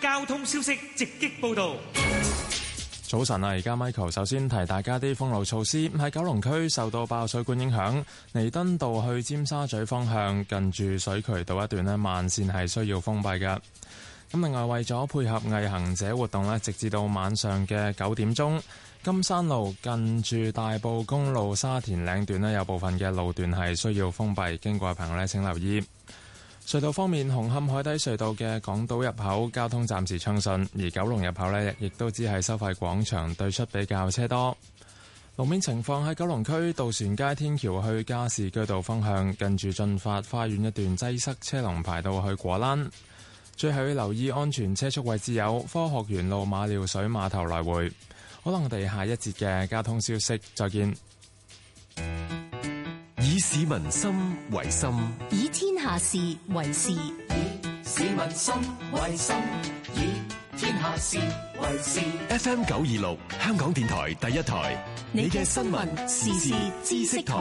交通消息直擊報道。早晨啊，而家 Michael 首先提大家啲封路措施。喺九龍區受到爆水管影響，彌敦道去尖沙咀方向近住水渠道一段咧，慢綫係需要封閉嘅。咁另外為咗配合毅行者活動咧，直至到晚上嘅九點鐘，金山路近住大埔公路沙田嶺段咧，有部分嘅路段係需要封閉，經過嘅朋友咧，請留意。隧道方面，紅磡海底隧道嘅港島入口交通暫時暢順，而九龍入口呢亦都只係收費廣場對出比較車多。路面情況喺九龍區渡船街天橋去加士居道方向，近住駿發花園一段擠塞，車龍排到去果欄。最後要留意安全車速位置有科學園路馬料水碼頭來回。可能我哋下一節嘅交通消息再見。以市民心為心，以天下事為事。以市民心為心，以天下事為事。FM 九二六，香港電台第一台，你嘅新聞時事知識台。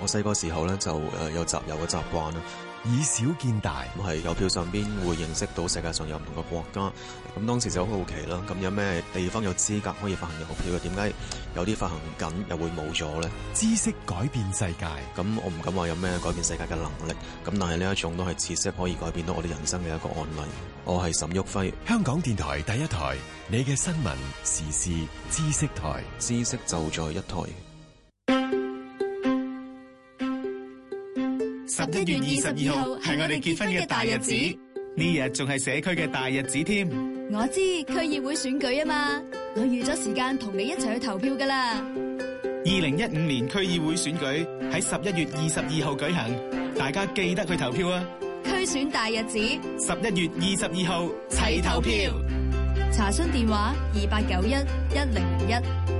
我細個時候咧就誒有集郵嘅習慣啦。以小見大，咁係郵票上邊會認識到世界上有唔同嘅國家。咁當時就好好奇啦。咁有咩地方有資格可以發行郵票嘅？點解有啲發行緊又會冇咗呢？知識改變世界。咁我唔敢話有咩改變世界嘅能力。咁但係呢一種都係知識可以改變到我哋人生嘅一個案例。我係沈旭輝，香港電台第一台，你嘅新聞時事知識台，知識就在一台。十一月二十二號係我哋結婚嘅大日子，呢日仲係社區嘅大日子添。我知區議會選舉啊嘛，我預咗時間同你一齊去投票噶啦。二零一五年區議會選舉喺十一月二十二號舉行，大家記得去投票啊！區選大日子，十一月二十二號齊投票。查詢電話：二八九一一零零一。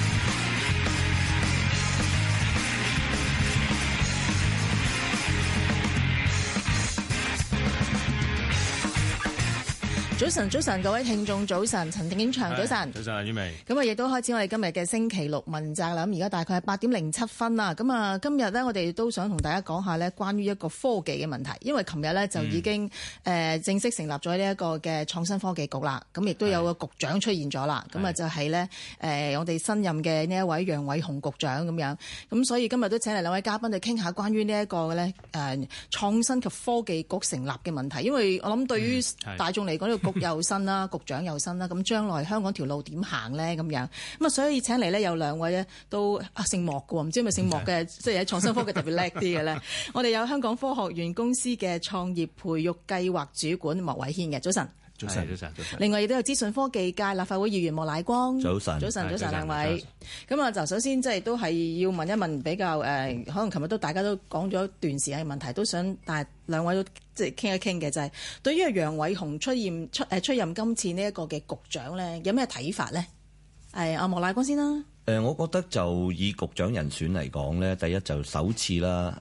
早晨，早晨，各位聽眾早晨，陳景祥，早晨，的早晨，阿婉薇，咁啊，亦都開始我哋今日嘅星期六問責啦。咁而家大概係八點零七分啦。咁啊，今日咧，我哋都想同大家講下咧，關於一個科技嘅問題，因為琴日咧就已經誒正式成立咗呢一個嘅創新科技局啦。咁亦都有個局長出現咗啦。咁啊的就係咧誒我哋新任嘅呢一位楊偉雄局長咁樣，咁所以今日都請嚟兩位嘉賓嚟傾下關於呢一個咧誒創新及科技局成立嘅問題，因為我諗對於大眾嚟講呢個。又新啦，局長又新啦，咁將來香港條路點行咧？咁樣咁啊，所以請嚟咧有兩位咧都、啊、姓莫嘅喎，唔知係咪姓莫嘅，即係喺創新科技特別叻啲嘅咧。我哋有香港科技園公司嘅創業培育計劃主管莫偉軒嘅，早晨。早晨，早晨，早晨。另外亦都有資訊科技界立法會議員莫乃光。早晨上上，早晨，早晨上，兩位咁啊，上就首先即係都係要問一問比較誒，可能琴日都大家都講咗一段時間嘅問題，都想帶兩位都即係傾一傾嘅，就係、是、對於阿楊偉雄出現出誒出任今次呢一個嘅局長咧，有咩睇法咧？誒，阿莫乃光先啦。誒、呃，我覺得就以局長人選嚟講咧，第一就首次啦，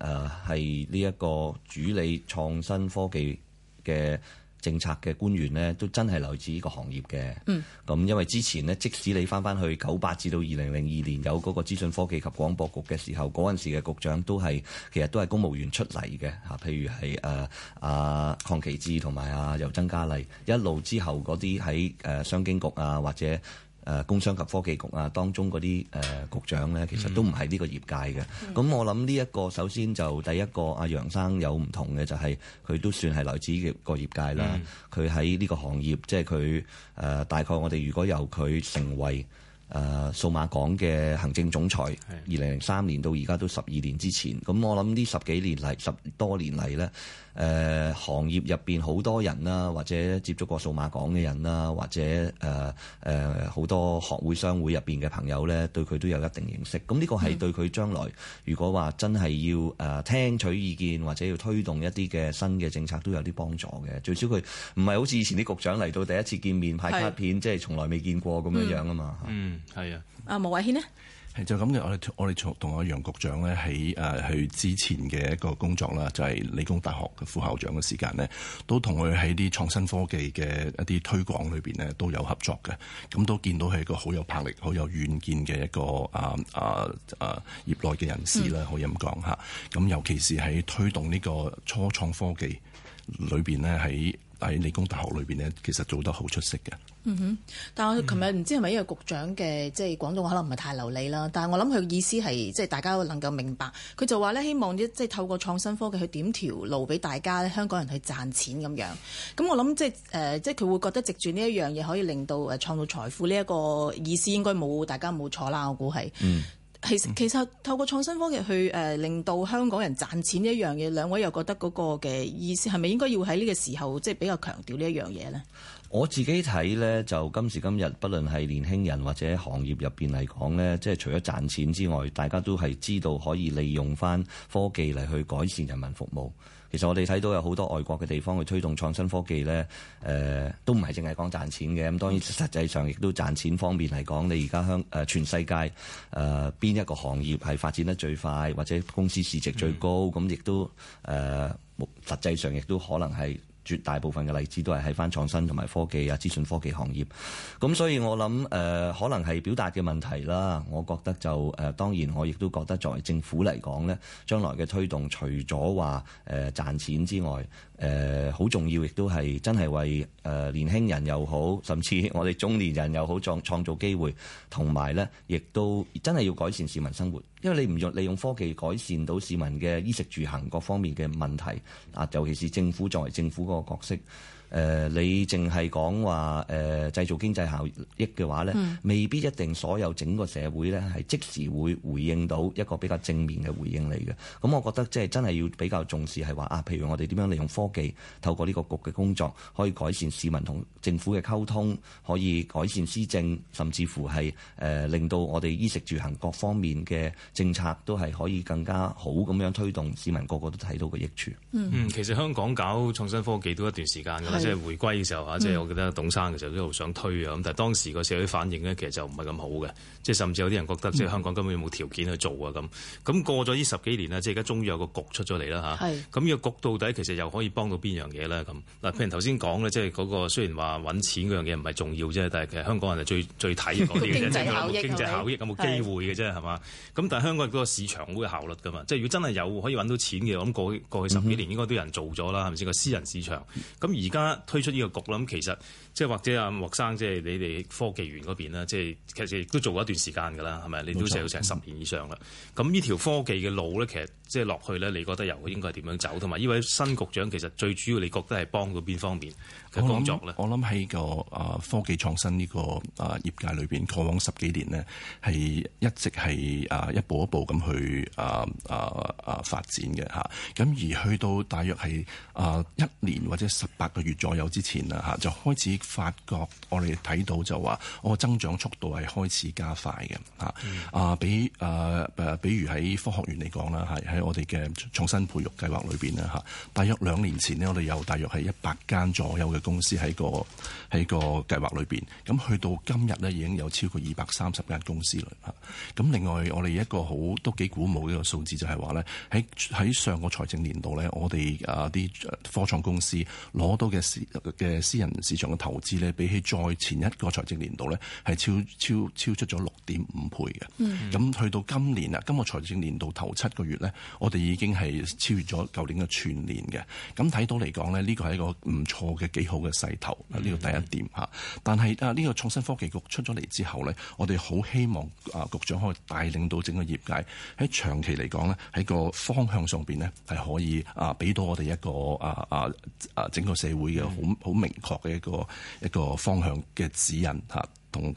誒係呢一個主理創新科技嘅。政策嘅官員呢都真係來自呢個行業嘅。咁、嗯、因為之前呢，即使你翻翻去九八至到二零零二年有嗰個資訊科技及廣播局嘅時候，嗰陣時嘅局長都係其實都係公務員出嚟嘅嚇，譬如係誒阿鄺其志同埋阿尤曾家麗，一路之後嗰啲喺誒商經局啊或者。誒工商及科技局啊，當中嗰啲誒局長呢，其實都唔係呢個業界嘅。咁、嗯、我諗呢一個首先就第一個阿、啊、楊生有唔同嘅，就係佢都算係來自個業界啦。佢喺呢個行業，即係佢誒大概我哋如果由佢成為誒、呃、數碼港嘅行政總裁，二零零三年到而家都十二年之前。咁我諗呢十幾年嚟十多年嚟呢。誒、呃、行業入邊好多人啦，或者接觸過數碼港嘅人啦，或者誒誒好多學會、商會入邊嘅朋友咧，對佢都有一定認識。咁呢個係對佢將來如果話真係要誒、呃、聽取意見，或者要推動一啲嘅新嘅政策，都有啲幫助嘅。最少佢唔係好似以前啲局長嚟到第一次見面派卡片，的即係從來未見過咁，嗯、樣樣啊嘛。嗯，係啊。啊，莫偉軒呢？係就咁嘅，我哋我哋同同阿楊局長咧喺誒去之前嘅一個工作啦，就係、是、理工大學嘅副校長嘅時間咧，都同佢喺啲創新科技嘅一啲推廣裏邊咧都有合作嘅，咁都見到係一個好有魄力、好有遠見嘅一個啊啊啊業內嘅人士啦，嗯、可以咁講吓。咁尤其是喺推動呢個初創科技裏邊咧喺喺理工大學裏邊咧，其實做得好出色嘅。嗯哼，但係我琴日唔知係咪因為局長嘅即係廣東話可能唔係太流利啦。但係我諗佢意思係即係大家都能夠明白。佢就話咧，希望即係透過創新科技去點條路俾大家香港人去賺錢咁樣。咁我諗即係誒，即係佢、呃、會覺得藉住呢一樣嘢可以令到誒創造財富呢一個意思應該冇大家冇錯啦。我估係。嗯其實透過創新科技去誒令到香港人賺錢呢一樣嘢，兩位又覺得嗰個嘅意思係咪應該要喺呢個時候即係比較強調呢一樣嘢呢？我自己睇呢，就今時今日，不論係年輕人或者行業入邊嚟講呢，即係除咗賺錢之外，大家都係知道可以利用返科技嚟去改善人民服務。其實我哋睇到有好多外國嘅地方去推動創新科技咧，誒、呃、都唔係淨係講賺錢嘅。咁當然實際上亦都賺錢方面嚟講，你而家香誒全世界誒邊、呃、一個行業係發展得最快，或者公司市值最高，咁亦、嗯、都誒、呃、實際上亦都可能係。絕大部分嘅例子都係喺返創新同埋科技啊、資訊科技行業，咁所以我諗誒、呃、可能係表達嘅問題啦。我覺得就誒、呃、當然我亦都覺得作為政府嚟講呢，將來嘅推動除咗話誒賺錢之外，誒好、呃、重要，亦都係真係為誒、呃、年輕人又好，甚至我哋中年人又好創創造機會，同埋呢，亦都真係要改善市民生活。因為你唔用利用科技改善到市民嘅衣食住行各方面嘅問題啊，尤其是政府作為政府嗰個角色。誒、呃，你淨係講話誒製造經濟效益嘅話咧，嗯、未必一定所有整個社會咧係即時會回應到一個比較正面嘅回應嚟嘅。咁、嗯、我覺得即係真係要比較重視係話啊，譬如我哋點樣利用科技，透過呢個局嘅工作，可以改善市民同政府嘅溝通，可以改善施政，甚至乎係誒、呃、令到我哋衣食住行各方面嘅政策都係可以更加好咁樣推動，市民個個都睇到個益處。嗯，嗯其實香港搞創新科技都一段時間㗎啦。即係回歸嘅時候嚇，嗯、即係我記得董生嘅時候都好想推啊咁，但係當時個社會反應咧，其實就唔係咁好嘅。即係甚至有啲人覺得，嗯、即係香港根本冇條件去做啊咁。咁過咗呢十幾年咧，即係而家終於有個局出咗嚟啦嚇。咁呢是、啊、個局到底其實又可以幫到邊樣嘢咧咁？嗱，譬如頭先講咧，即係嗰個雖然話揾錢嗰樣嘢唔係重要啫，但係其實香港人係最最睇嗰啲嘢，即係 經濟效益。有冇經濟效益 Okay. 有冇機會嘅啫係嘛？咁是但係香港個市場會效率㗎嘛？即係如果真係有可以揾到錢嘅，咁過過去十幾年應該都有人做咗啦，係咪先個私人市場？咁而家。推出呢個局，咁其實。即係或者阿莫生，即係你哋科技園嗰邊啦，即係其實亦都做過一段時間噶啦，係咪？冇錯，你都成咗成十年以上啦。咁呢條科技嘅路咧，其實即係落去咧，你覺得又應該係點樣走？同埋呢位新局長，其實最主要你覺得係幫到邊方面嘅工作咧？我諗喺個啊科技創新呢個啊業界裏邊過往十幾年咧，係一直係啊一步一步咁去啊啊啊發展嘅吓。咁而去到大約係啊一年或者十八個月左右之前啦，吓就開始。發覺我哋睇到就話，我個增長速度係開始加快嘅嚇。啊，比誒誒、啊，比如喺科學園嚟講啦，係喺我哋嘅創新培育計劃裏邊啦嚇。大約兩年前呢，我哋有大約係一百間左右嘅公司喺個喺個計劃裏邊。咁去到今日咧，已經有超過二百三十間公司啦嚇。咁、啊、另外，我哋一個好都幾鼓舞呢一個數字就係話咧，喺喺上個財政年度咧，我哋啊啲科創公司攞到嘅私嘅私人市場嘅投投資咧，比起再前一個財政年度咧，係超超超出咗六點五倍嘅。嗯、mm。咁、hmm。去到今年啊，今個財政年度頭七個月咧，我哋已經係超越咗舊年嘅全年嘅。咁睇到嚟講咧，呢個係一個唔錯嘅幾好嘅勢頭。啊，呢個第一點嚇。Mm hmm。但係啊，呢、呢個創新科技局出咗嚟之後咧，我哋好希望啊，局長可以帶領到整個業界喺長期嚟講咧，喺個方向上邊咧係可以啊，俾到我哋一個啊啊啊整個社會嘅好好明確嘅一個。一個方向嘅指引嚇，同、啊、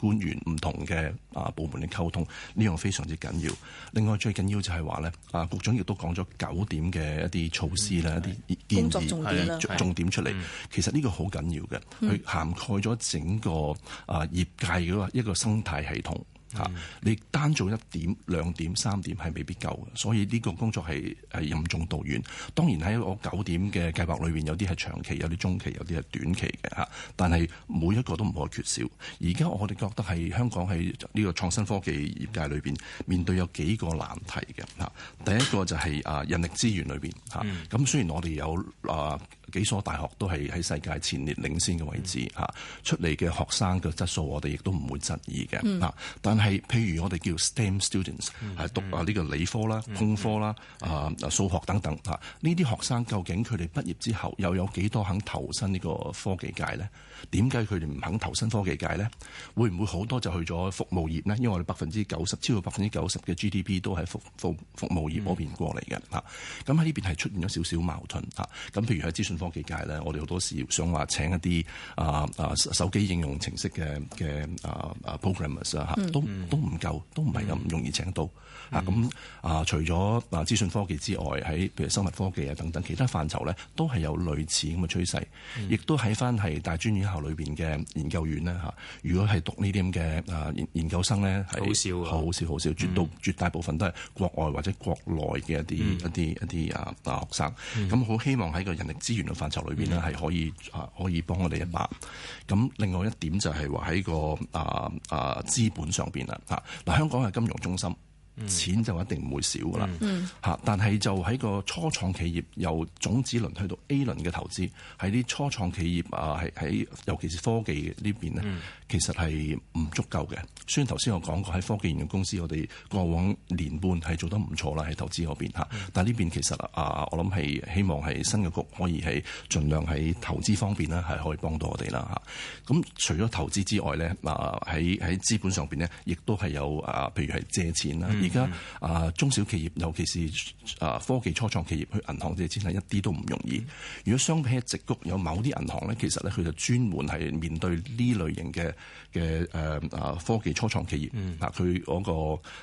官員唔同嘅啊部門嘅溝通，呢樣非常之緊要。另外最緊要就係話咧，啊局長亦都講咗九點嘅一啲措施咧，嗯、一啲建議係重，重點出嚟。其實呢個好緊要嘅，佢涵蓋咗整個啊業界嘅一個生態系統。嗯嗯嚇！嗯、你單做一點、兩點、三點係未必夠嘅，所以呢個工作係係任重道遠。當然喺我九點嘅計劃裏邊，有啲係長期，有啲中期，有啲係短期嘅嚇。但係每一個都唔可以缺少。而家我哋覺得係香港喺呢個創新科技業界裏邊面，面，面對有幾個難題嘅嚇。第一個就係啊人力資源裏邊嚇。咁雖然我哋有啊幾所大學都係喺世界前列領先嘅位置嚇，出嚟嘅學生嘅質素我哋亦都唔會質疑嘅嚇，但係係譬如我哋叫 STEM students，係、嗯、讀啊呢個理科啦、工、嗯、科啦、啊數、嗯、學等等吓呢啲學生究竟佢哋畢業之後又有幾多肯投身呢個科技界咧？點解佢哋唔肯投身科技界咧？會唔會好多就去咗服務業咧？因為我哋百分之九十，超過百分之九十嘅 GDP 都喺服服服務業嗰邊過嚟嘅嚇。咁喺呢邊係出現咗少少矛盾嚇。咁、啊、譬如喺資訊科技界咧，我哋好多時想話請一啲啊啊手機應用程式嘅嘅啊啊 programmers 啊嚇，都都唔夠，都唔係咁容易請到嚇。咁、嗯、啊，啊，除咗啊資訊科技之外，喺譬如生物科技啊等等其他範疇咧，都係有類似咁嘅趨勢，亦都喺翻係大專以下。學裏邊嘅研究院咧嚇，如果係讀呢啲咁嘅啊研究生咧，好少好少好少，嗯、絕到絕大部分都係國外或者國內嘅一啲、嗯、一啲一啲啊啊學生，咁好、嗯、希望喺個人力資源嘅範疇裏邊咧係可以啊可以幫我哋一把。咁、嗯、另外一點就係話喺個啊啊資本上邊啦嚇，嗱、啊、香港係金融中心。錢就一定唔會少噶啦，嚇、嗯！但係就喺個初創企業由種子輪去到 A 輪嘅投資，喺啲初創企業啊，係喺尤其是科技呢邊咧，其實係唔足夠嘅。雖然頭先我講過喺科技型嘅公司，我哋過往年半係做得唔錯啦，喺投資嗰邊嚇，但係呢邊其實啊，我諗係希望係新嘅局可以係盡量喺投資方面呢，係、啊、可，可以幫到我哋啦嚇。咁、啊、除咗投資之外咧，嗱喺喺資本上邊呢，亦都係有啊，譬如係借錢啦。而家啊，中小企業尤其是啊科技初創企業去銀行借錢係一啲都唔容易。如果相比起直谷有某啲銀行咧，其實咧佢就專門係面對呢類型嘅嘅誒啊科技初創企業，嗱佢嗰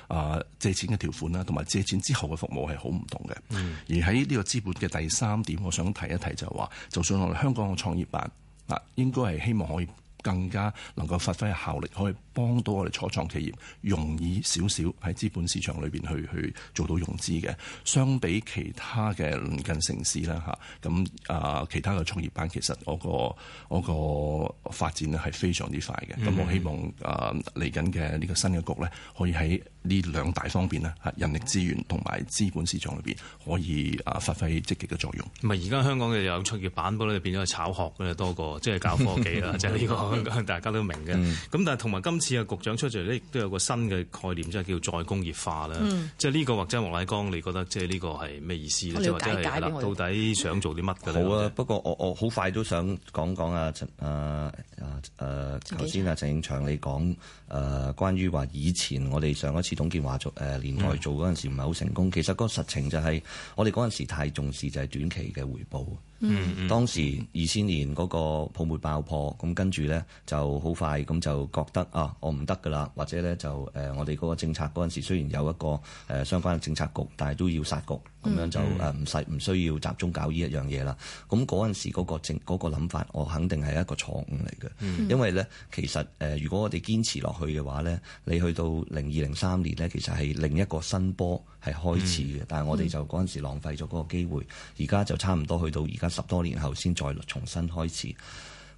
個啊借錢嘅、呃嗯那個呃、條款啦，同埋借錢之後嘅服務係好唔同嘅。嗯、而喺呢個資本嘅第三點，我想提一提就係、是、話，就算我哋香港嘅創業板嗱，應該係希望可以更加能夠發揮效力，可以。幫到我哋初創，創企業容易少少喺資本市場裏邊去去做到融資嘅，相比其他嘅鄰近城市啦嚇，咁啊其他嘅創業板其實我個我發展咧係非常之快嘅，咁、嗯、我希望啊嚟緊嘅呢個新嘅局咧，可以喺呢兩大方面咧人力資源同埋資本市場裏邊可以啊發揮積極嘅作用。唔係而家香港嘅有創業板，不過咧變咗炒殼多過，即係搞科技啦，即係呢個大家都明嘅。咁、嗯、但係同埋今次。而啊，局長出咗嚟亦都有個新嘅概念，即係叫再工業化啦。嗯、即係、這、呢個或者莫乃光，你覺得即係呢個係咩意思咧？即係或者係啦，到底想做啲乜嘅咧？好啊，不過我我好快都想講講啊，陳啊啊誒，頭先啊，啊啊啊陳景祥你講誒、啊、關於話以前我哋上一次董建華做誒年代做嗰陣時，唔係好成功。嗯、其實個實情就係我哋嗰陣時太重視就係短期嘅回報。嗯，當時二千年嗰個泡沫爆破，咁跟住呢就好快咁就覺得啊，我唔得㗎啦，或者呢，就誒、呃、我哋嗰個政策嗰陣時雖然有一個誒、呃、相關嘅政策局，但係都要殺局。咁樣就誒唔使唔需要集中搞呢一樣嘢啦。咁嗰陣時嗰個政嗰個諗法，我肯定係一個錯誤嚟嘅。嗯、因為呢，其實誒、呃，如果我哋堅持落去嘅話呢，你去到零二零三年呢，其實係另一個新波係開始嘅。嗯、但係我哋就嗰陣時浪費咗嗰個機會，而家就差唔多去到而家十多年後先再重新開始。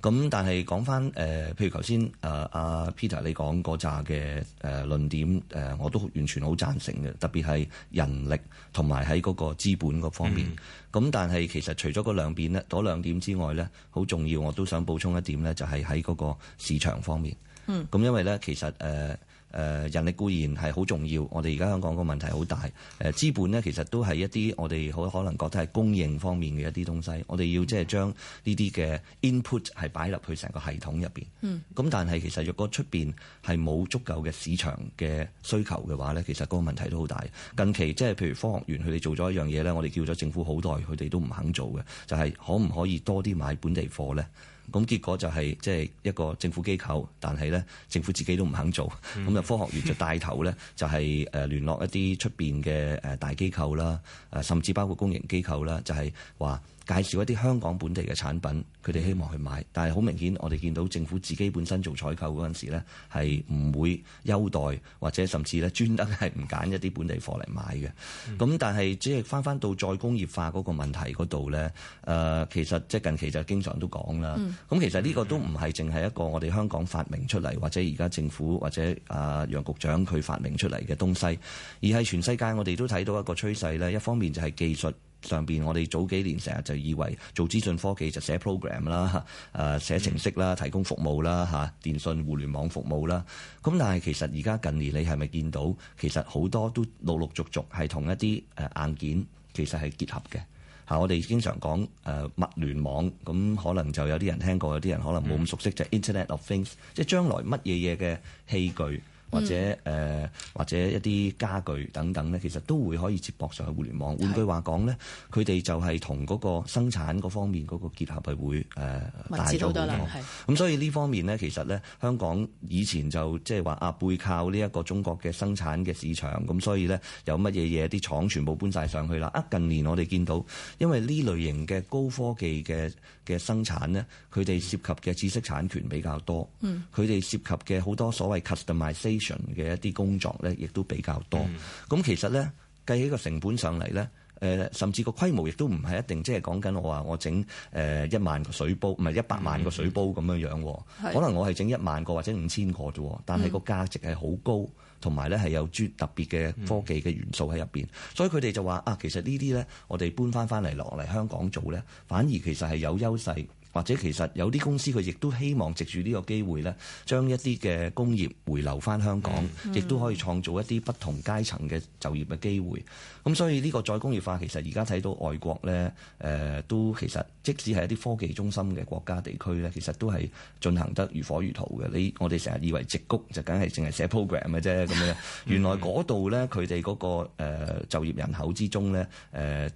咁但係講翻誒，譬如頭先誒阿 Peter 你講嗰扎嘅誒論點，誒、呃呃、我都完全好贊成嘅，特別係人力同埋喺嗰個資本嗰方面。咁、嗯、但係其實除咗嗰兩點咧，嗰兩點之外咧，好重要我都想補充一點咧，就係喺嗰個市場方面。嗯，咁因為咧其實誒。呃誒、呃、人力固然係好重要，我哋而家香港個問題好大。誒、呃、資本咧，其實都係一啲我哋好可能覺得係供應方面嘅一啲東西。我哋要即係將呢啲嘅 input 係擺入去成個系統入邊。嗯。咁但係其實若果出邊係冇足夠嘅市場嘅需求嘅話咧，其實嗰個問題都好大。近期即係譬如科學園佢哋做咗一樣嘢咧，我哋叫咗政府好耐，佢哋都唔肯做嘅，就係、是、可唔可以多啲買本地貨咧？咁結果就係即係一個政府機構，但係咧政府自己都唔肯做，咁啊科學園就帶頭咧，就係誒聯絡一啲出邊嘅誒大機構啦，誒甚至包括公營機構啦，就係話。介紹一啲香港本地嘅產品，佢哋希望去買，但係好明顯，我哋見到政府自己本身做採購嗰陣時呢，係唔會優待或者甚至呢專登係唔揀一啲本地貨嚟買嘅。咁、嗯、但係只係翻翻到再工業化嗰個問題嗰度呢，誒其實即係近期就經常都講啦。咁其實呢個都唔係淨係一個我哋香港發明出嚟，或者而家政府或者啊楊局長佢發明出嚟嘅東西，而係全世界我哋都睇到一個趨勢呢，一方面就係技術。上邊我哋早幾年成日就以為做資訊科技就寫 program 啦，誒寫程式啦，提供服務啦，嚇電信互聯網服務啦。咁但係其實而家近年你係咪見到其實好多都陸陸續續係同一啲誒硬件其實係結合嘅嚇。我哋經常講誒物聯網，咁可能就有啲人聽過，有啲人可能冇咁熟悉，就係 Internet of Things，即係將來乜嘢嘢嘅器具。或者誒、呃、或者一啲家具等等咧，其實都會可以接駁上去互聯網。換句話講咧，佢哋是就係同嗰個生產嗰方面嗰個結合係會誒大咗好多啦咁，呃多嗯、所以呢方面咧，其實咧香港以前就即係話啊背靠呢一個中國嘅生產嘅市場，咁所以咧有乜嘢嘢啲廠全部搬晒上去啦。啊近年我哋見到，因為呢類型嘅高科技嘅嘅生產咧，佢哋涉及嘅知識產權比較多，佢哋、嗯、涉及嘅好多所謂 customise 嘅一啲工作咧，亦都比較多。咁、嗯、其實咧，計起個成本上嚟咧，誒、呃，甚至個規模亦都唔係一定，即係講緊我話，我整誒一萬個水煲，唔係一百萬個水煲咁樣樣，嗯、可能我係整一萬個或者五千個啫，但係個價值係好高，同埋咧係有專特別嘅科技嘅元素喺入邊。嗯、所以佢哋就話，啊，其實呢啲咧，我哋搬翻翻嚟落嚟香港做咧，反而其實係有優勢。或者其實有啲公司佢亦都希望藉住呢個機會呢將一啲嘅工業回流返香港，亦都、mm hmm. 可以創造一啲不同階層嘅就業嘅機會。咁所以呢個再工業化其實而家睇到外國呢，誒、呃、都其實即使係一啲科技中心嘅國家地區呢其實都係進行得如火如荼嘅。你我哋成日以為矽谷就梗係淨係寫 program 嘅啫咁樣，mm hmm. 原來嗰度呢，佢哋嗰個、呃、就業人口之中呢。誒、呃。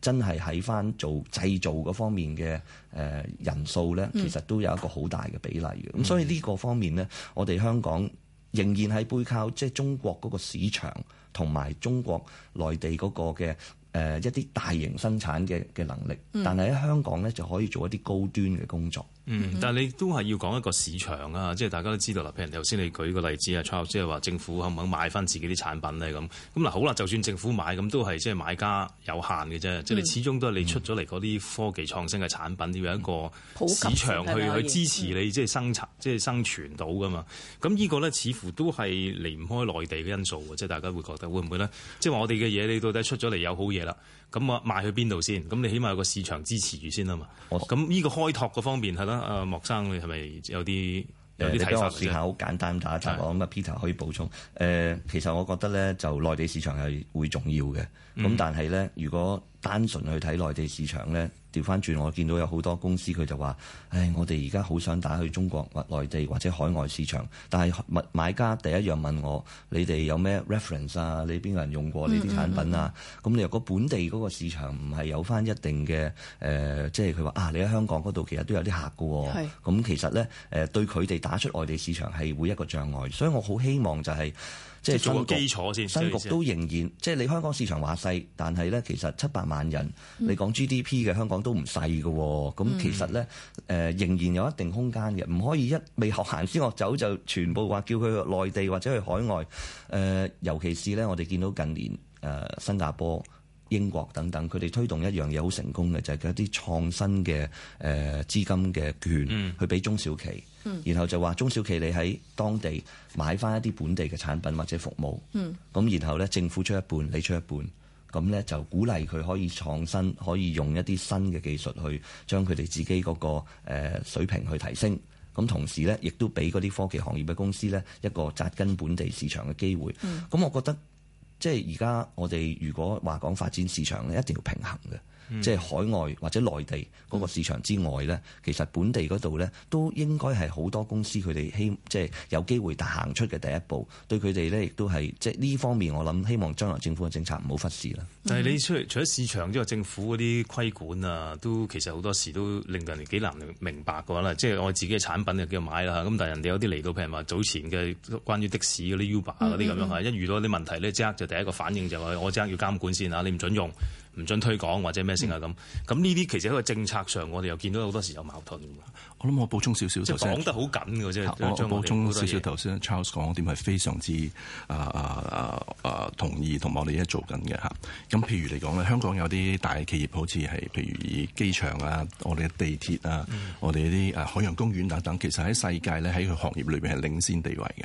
真係喺返做製造嗰方面嘅誒人數呢，其實都有一個好大嘅比例嘅。咁、嗯、所以呢個方面呢，我哋香港仍然係背靠即係中國嗰個市場同埋中國內地嗰個嘅誒一啲大型生產嘅嘅能力，但係喺香港呢，就可以做一啲高端嘅工作。嗯，但係你都係要講一個市場啊，即係大家都知道啦。譬如頭先你舉個例子啊，即係話政府可唔可買翻自己啲產品咧咁？咁嗱好啦，就算政府買，咁都係即係買家有限嘅啫。嗯、即係你始終都係你出咗嚟嗰啲科技創新嘅產品，嗯、要有一個市場去去支持你，即係生產，即係生存到噶嘛？咁呢個咧似乎都係離唔開內地嘅因素嘅，即係大家會覺得會唔會咧？即係我哋嘅嘢，你到底出咗嚟有好嘢啦？咁我賣去邊度先？咁你起碼有個市場支持住先啊嘛？咁呢個開拓嘅方面係咯。啊，莫生，你係咪有啲？Yeah, 有啲睇法？試下好簡單打，打一集，咁啊 Peter 可以補充。誒、呃，其實我覺得咧，就內地市場係會重要嘅。咁、嗯、但係咧，如果單純去睇內地市場咧。調翻轉，我見到有好多公司佢就話，誒，我哋而家好想打去中國或內地或者海外市場，但係物買家第一樣問我，你哋有咩 reference 啊？你邊個人用過呢啲產品啊？咁、嗯嗯嗯嗯、你如果本地嗰個市場唔係有翻一定嘅誒，即係佢話啊，你喺香港嗰度其實都有啲客嘅喎。咁是其實呢，誒，對佢哋打出外地市場係會一個障礙，所以我好希望就係、是。即係做個基礎先，新局都仍然，即係你香港市場話細，但係咧其實七百萬人，嗯、你講 GDP 嘅香港都唔細嘅喎，咁其實咧誒、呃、仍然有一定空間嘅，唔可以一未學行先學走就全部話叫佢去內地或者去海外誒、呃，尤其是咧我哋見到近年誒、呃、新加坡、英國等等，佢哋推動一樣嘢好成功嘅，就係、是、佢一啲創新嘅誒、呃、資金嘅券去俾中小企。嗯嗯然後就話中小企你喺當地買翻一啲本地嘅產品或者服務，咁、嗯、然後呢政府出一半，你出一半，咁呢就鼓勵佢可以創新，可以用一啲新嘅技術去將佢哋自己嗰個誒水平去提升。咁同時呢，亦都俾嗰啲科技行業嘅公司呢一個扎根本地市場嘅機會。咁、嗯、我覺得即係而家我哋如果說話講發展市場呢，一定要平衡嘅。即係海外或者內地嗰個市場之外咧，嗯、其實本地嗰度咧都應該係好多公司佢哋希即係有機會行出嘅第一步，對佢哋咧亦都係即係呢方面，我諗希望將來政府嘅政策唔好忽視啦。嗯、但係你出除咗市場之外，政府嗰啲規管啊，都其實好多時都令人幾難明白噶啦。即係我自己嘅產品就叫買啦，咁但係人哋有啲嚟到，譬如話早前嘅關於的士嗰啲 Uber 嗰啲咁樣嚇，嗯、一遇到啲問題咧即刻就第一個反應就話、是、我即刻要監管先嚇，你唔準用。唔准推廣或者咩先啊？咁咁呢啲其實喺個政策上，我哋又見到好多時有矛盾。我諗我補充少少，即係講得好緊㗎啫。嗯、我，補我補充少少頭先 Charles 講嗰點係非常之啊啊啊同意，同我哋一做緊嘅嚇。咁譬如嚟講咧，香港有啲大企業好似係，譬如以機場啊、我哋地鐵啊、嗯、我哋啲啊海洋公園等等，其實喺世界咧喺佢行業裏邊係領先地位嘅。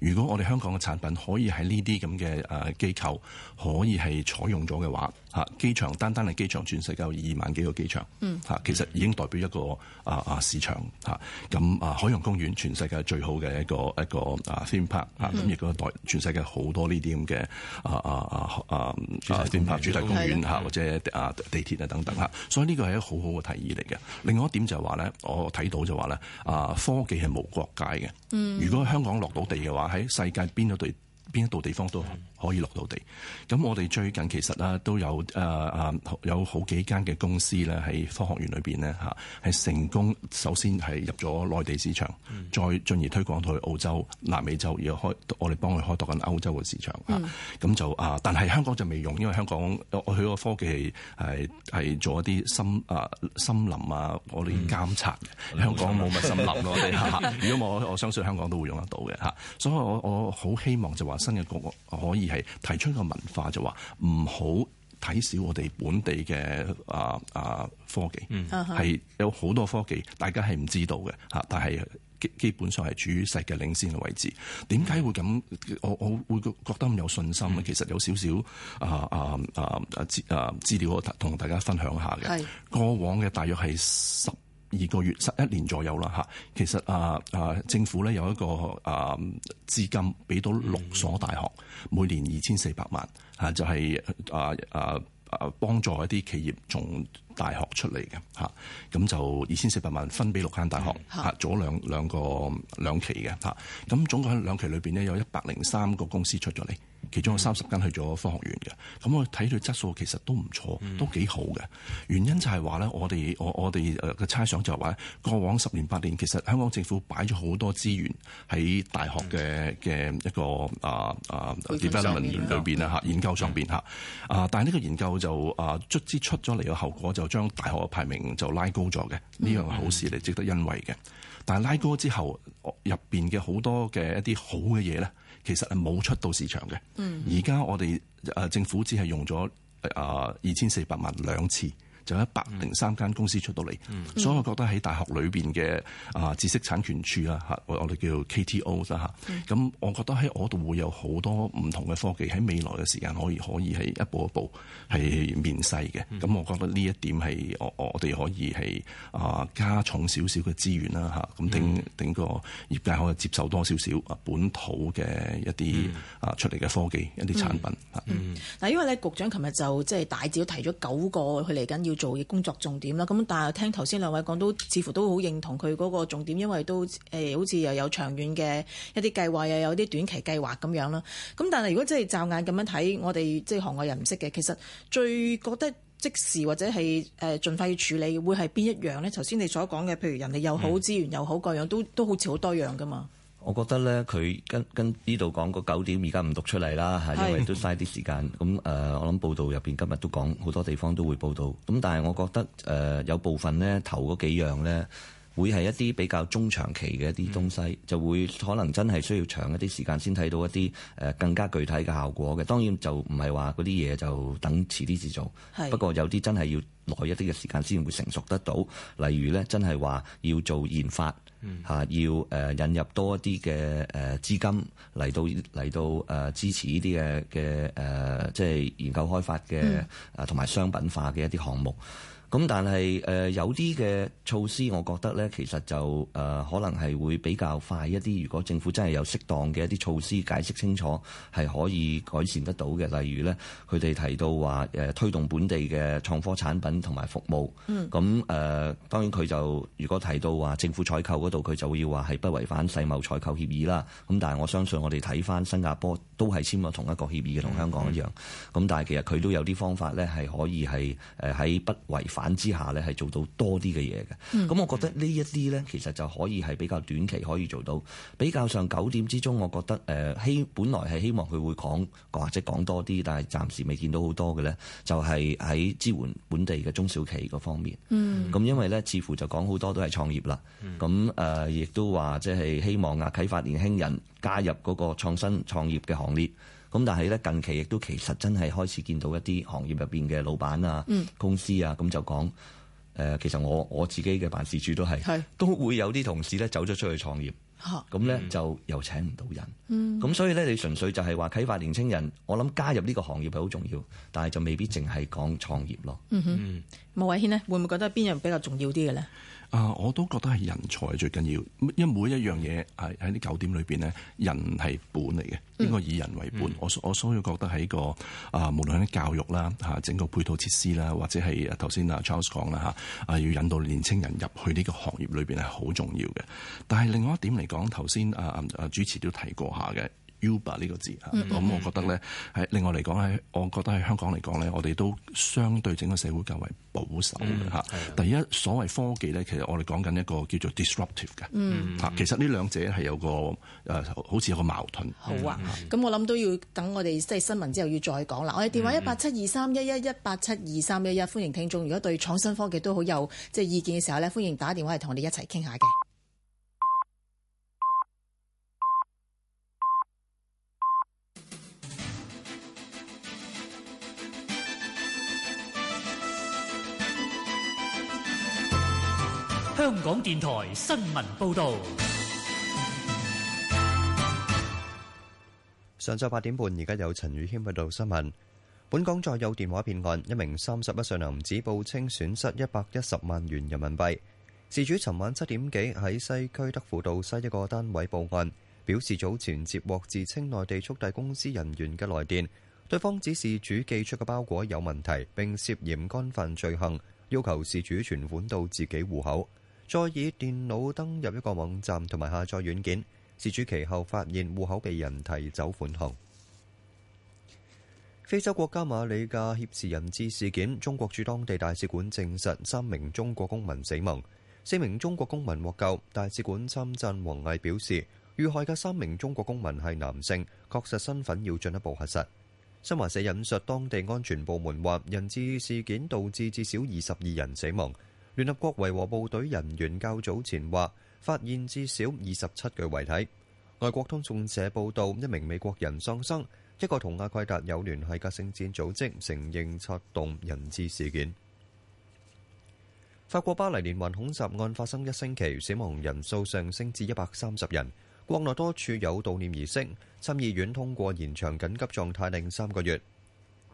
如果我哋香港嘅產品可以喺呢啲咁嘅誒機構可以係採用咗嘅話，嚇機場，單單係機場，全世界有二萬幾個機場，嚇其實已經代表一個啊啊市場嚇。咁啊海洋公園，全世界最好嘅一個一個啊 theme park 嚇，咁亦都代全世界好多呢啲咁嘅啊啊啊啊 theme park 主題公園嚇，園或者啊地鐵啊等等嚇。所以呢個係一個好好嘅提議嚟嘅。另外一點就係話咧，我睇到就話咧啊科技係無國界嘅。嗯，如果香港落到地嘅話，喺世界邊一度邊一度地方都。可以落到地，咁我哋最近其實啦都有誒誒、呃、有好幾間嘅公司咧喺科學園裏邊咧嚇係成功，首先係入咗內地市場，嗯、再進而推廣到去澳洲、南美洲，而開我哋幫佢開拓緊歐洲嘅市場嚇。咁就啊，但係香港就未用，因為香港我佢個科技係係做一啲森啊森林啊，我哋監察、嗯、香港冇乜森林咯、啊， 我哋如果我我相信香港都會用得到嘅嚇，所以我我好希望就話新嘅局可以。係提出個文化就話唔好睇少我哋本地嘅啊啊科技，係、嗯、有好多科技，大家係唔知道嘅吓，但係基基本上係處於世界領先嘅位置。點解會咁？我我會覺得咁有信心咧？嗯、其實有少少啊啊啊資啊資料，我同大家分享下嘅。是過往嘅大約係十二個月十一年左右啦嚇，其實啊啊政府咧有一個啊資金俾到六所大學，每年二千四百萬嚇、啊，就係、是、啊啊啊幫助一啲企業從大學出嚟嘅嚇，咁、啊、就二千四百萬分俾六間大學嚇，做咗、啊、兩兩個兩期嘅嚇，咁、啊、總共喺兩期裏邊咧有一百零三個公司出咗嚟。其中有三十間去咗科學園嘅，咁、嗯、我睇佢質素其實都唔錯，嗯、都幾好嘅。原因就係話咧，我哋我我哋嘅猜想就係話，過往十年八年其實香港政府擺咗好多資源喺大學嘅嘅一個、嗯、啊啊、uh, development 裏邊啦嚇、嗯、研究上邊嚇、嗯、啊，但係呢個研究就啊卒之出咗嚟嘅後果就將大學嘅排名就拉高咗嘅，呢、嗯、樣好事嚟值得欣慰嘅。但係拉高之後入邊嘅好多嘅一啲好嘅嘢咧。其實係冇出到市場嘅。而家我哋誒、呃、政府只係用咗誒、呃、二千四百萬兩次。就一百零三間公司出到嚟，嗯、所以我覺得喺大學裏邊嘅啊知識產權處啊吓，我哋叫做 KTO 啦嚇，咁我覺得喺我度會有好多唔同嘅科技喺未來嘅時間可以可以係一步一步係面世嘅，咁、嗯、我覺得呢一點係我我哋可以係啊加重少少嘅資源啦吓，咁頂頂個業界可以接受多少少啊本土嘅一啲啊出嚟嘅科技，嗯、一啲產品吓，嗯，嗯，嗱、嗯、因為咧局長琴日就即係大致提咗九個佢嚟緊要。做嘅工作重點啦，咁但係聽頭先兩位講都似乎都好認同佢嗰個重點，因為都誒、呃、好似又有長遠嘅一啲計劃又有啲短期計劃咁樣啦。咁但係如果真係驟眼咁樣睇，我哋即係行外人唔識嘅，其實最覺得即時或者係誒盡快要處理，會係邊一樣咧？頭先你所講嘅，譬如人哋又好資源又好，各樣都都好似好多樣噶嘛。我覺得呢，佢跟跟呢度講個九點，而家唔讀出嚟啦嚇，因為都嘥啲時間。咁誒、 呃，我諗報道入邊今日都講好多地方都會報道。咁但係我覺得誒、呃、有部分呢頭嗰幾樣呢，會係一啲比較中長期嘅一啲東西， 就會可能真係需要長一啲時間先睇到一啲誒更加具體嘅效果嘅。當然就唔係話嗰啲嘢就等遲啲至做， 不過有啲真係要耐一啲嘅時間先會成熟得到。例如呢，真係話要做研發。吓，要誒引入多一啲嘅誒資金嚟到嚟到誒支持呢啲嘅嘅誒，即係研究開發嘅誒同埋商品化嘅一啲項目。咁但係誒有啲嘅措施，我覺得咧，其實就誒可能係會比較快一啲。如果政府真係有適當嘅一啲措施解釋清楚，係可以改善得到嘅。例如咧，佢哋提到話誒推動本地嘅創科產品同埋服務，嗯。咁誒當然佢就如果提到話政府採購嗰度，佢就會話係不違反世貿採購協議啦。咁但係我相信我哋睇翻新加坡都係簽過同一個協議嘅，同香港一樣咁、嗯嗯、但係其實佢都有啲方法咧，係可以係誒喺不違反之下咧，係做到多啲嘅嘢嘅。咁、嗯、我覺得呢一啲呢，其實就可以係比較短期可以做到。比較上九點之中，我覺得誒希、呃、本來係希望佢會講或者講多啲，但係暫時未見到好多嘅呢，就係、是、喺支援本地嘅中小企嗰方面。咁、嗯、因為呢，似乎就講好多都係創業啦。咁誒、嗯，亦、呃、都話即係希望啊，啟發年輕人加入嗰個創新創業嘅行列。咁但係咧，近期亦都其實真係開始見到一啲行業入邊嘅老闆啊、嗯、公司啊，咁就講誒、呃，其實我我自己嘅辦事處都係，是都會有啲同事咧走咗出去創業，咁咧、啊嗯、就又請唔到人。咁、嗯、所以咧，你純粹就係話啟發年青人，我諗加入呢個行業係好重要，但係就未必淨係講創業咯。嗯哼，莫偉、嗯嗯、軒咧，會唔會覺得邊樣比較重要啲嘅咧？啊！我都覺得係人才最緊要，因為每一樣嘢係喺啲九點裏邊咧，人係本嚟嘅，應該以人為本。嗯、我我所以覺得喺個啊、呃，無論喺教育啦，嚇整個配套設施啦，或者係頭先啊 Charles 講啦嚇，啊、呃、要引導年青人入去呢個行業裏邊係好重要嘅。但係另外一點嚟講，頭先啊啊主持都提過下嘅。Uber 呢個字嚇，咁、嗯、我覺得咧喺、嗯、另外嚟講，喺我覺得喺香港嚟講咧，我哋都相對整個社會較為保守嘅、嗯、第一，所謂科技咧，其實我哋講緊一個叫做 disruptive 嘅嚇。嗯、其實呢兩者係有個誒，好似有個矛盾。好啊，咁、嗯、我諗都要等我哋即係新聞之後要再講啦。我哋電話一八七二三一一一八七二三一一，歡迎聽眾。如果對創新科技都好有即係意見嘅時候咧，歡迎打電話嚟同我哋一齊傾下嘅。香港電台新聞報道：上晝八點半，而家有陳宇謙報道新聞。本港再有電話騙案，一名三十一歲男子報稱損失一百一十萬元人民幣。事主尋晚七點幾喺西區德輔道西一個單位報案，表示早前接獲自稱內地速遞公司人員嘅來電，對方指事主寄出嘅包裹有問題，並涉嫌干犯罪行，要求事主存款到自己戶口。再以電腦登入一個網站同埋下載軟件，事主其後發現戶口被人提走款項。非洲國家馬里嘅挾持人質事件，中國駐當地大使館證實三名中國公民死亡，四名中國公民獲救。大使館參贊王毅表示，遇害嘅三名中國公民係男性，確實身份要進一步核實。新華社引述當地安全部門話，人質事件導致至少二十二人死亡。聯合國維和部隊人員較早前話，發現至少二十七具遺體。外國通訊社報導，一名美國人喪生。一個同阿奎達有聯繫嘅聖戰組織承認策動人質事件。法國巴黎連環恐襲案發生一星期，死亡人數上升至一百三十人。國內多處有悼念儀式。參議院通過延長緊急狀態令三個月。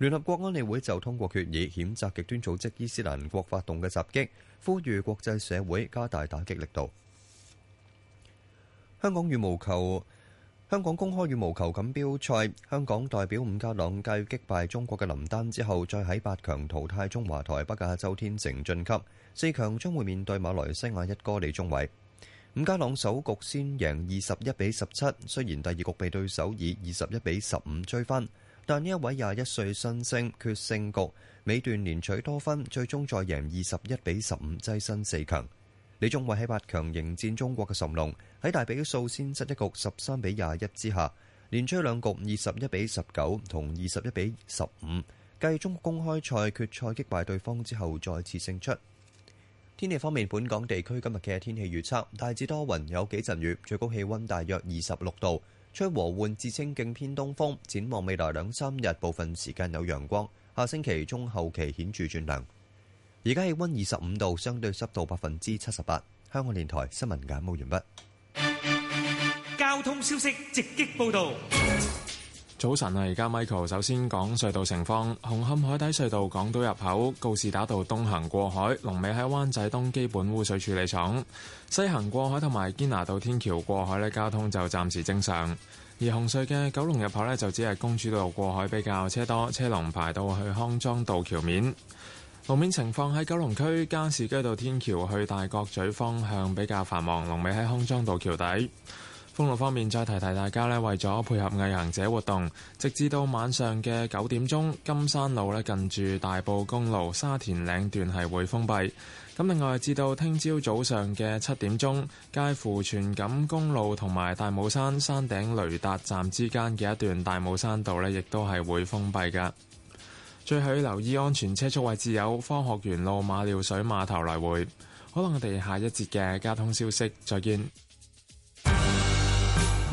聯合國安理會就通過決議，譴責極端組織伊斯蘭國發動嘅襲擊，呼籲國際社會加大打擊力度。香港羽毛球香港公開羽毛球錦標賽，香港代表伍家朗繼擊敗中國嘅林丹之後，再喺八強淘汰中華台北嘅周天成，晉級四強，將會面對馬來西亞一哥李宗偉。伍家朗首局先贏二十一比十七，雖然第二局被對手以二十一比十五追分，但呢一位廿一歲新星決勝局尾段連取多分，最終再贏二十一比十五，躋身四強。李宗偉喺八強迎戰中國嘅諶龍，喺大比數先失一局十三比廿一之下，連追兩局二十一比十九同二十一比十五，繼中國公開賽決賽擊敗對方之後再次勝出。天氣方面，本港地區今日嘅天氣預測大致多雲有幾陣雨，最高氣溫大約二十六度。吹和緩至清勁偏東風，展望未來兩三日部分時間有陽光。下星期中後期顯著轉涼。而家氣溫二十五度，相對濕度百分之七十八。香港電台新聞簡報完畢。交通消息直擊報道。早晨啊！而家 Michael 首先講隧道情況。紅磡海底隧道港島入口、告士打道東行過海、龍尾喺灣仔東基本污水處理廠；西行過海同埋堅拿道天橋過海呢，交通就暫時正常。而紅隧嘅九龍入口呢，就只係公主道過海比較車多，車龍排到去康莊道橋面。路面情況喺九龍區加士居道天橋去大角咀方向比較繁忙，龍尾喺康莊道橋底。公路方面，再提提大家咧，為咗配合毅行者活動，直至到晚上嘅九點鐘，金山路咧近住大埔公路沙田嶺段係會封閉。咁另外，至到聽朝早，早上嘅七點鐘，介乎荃錦公路同埋大帽山山頂雷達站之間嘅一段大帽山道咧，亦都係會封閉噶。最後留意安全車速位置有科學園路、馬料水碼頭來回。可能我哋下一節嘅交通消息再見。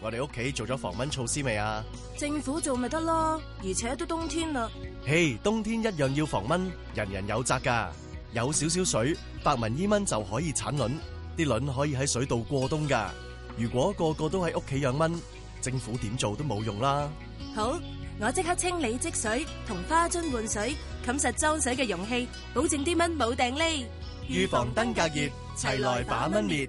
我哋屋企做咗防蚊措施未啊？政府做咪得咯，而且都冬天啦。嘿，hey，冬天一樣要防蚊，人人有責噶。有少少水，白紋伊蚊就可以產卵，啲卵可以喺水度過冬噶。如果個個都喺屋企養蚊，政府點做都冇用啦。好，我即刻清理積水同花樽換水，冚實裝水嘅容器，保證啲蚊冇訂匿。預防登革熱，齊來把蚊滅。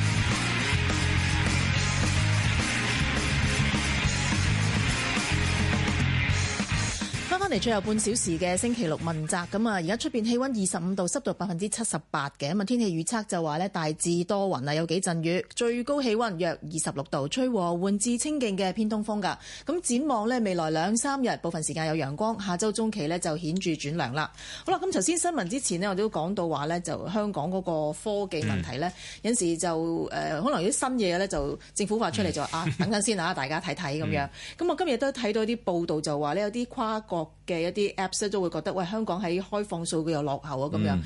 嚟最後半小時嘅星期六問責，咁啊，而家出邊氣温二十五度，濕度百分之七十八嘅。咁啊，天氣預測就話咧，大致多雲啊，有幾陣雨，最高氣温約二十六度，吹和緩至清勁嘅偏東風噶。咁展望咧，未來兩三日部分時間有陽光，下周中期咧就顯著轉涼啦。好啦，咁頭先新聞之前咧，我都講到話呢就香港嗰個科技問題呢，嗯、有時就誒、呃，可能有啲新嘢呢就政府發出嚟就、嗯、啊，等緊先啊，大家睇睇咁樣。咁、嗯嗯、我今日都睇到啲報道就話呢有啲跨國。嘅一啲 apps 都會覺得，喂，香港喺開放數據又落後啊，咁樣。嗯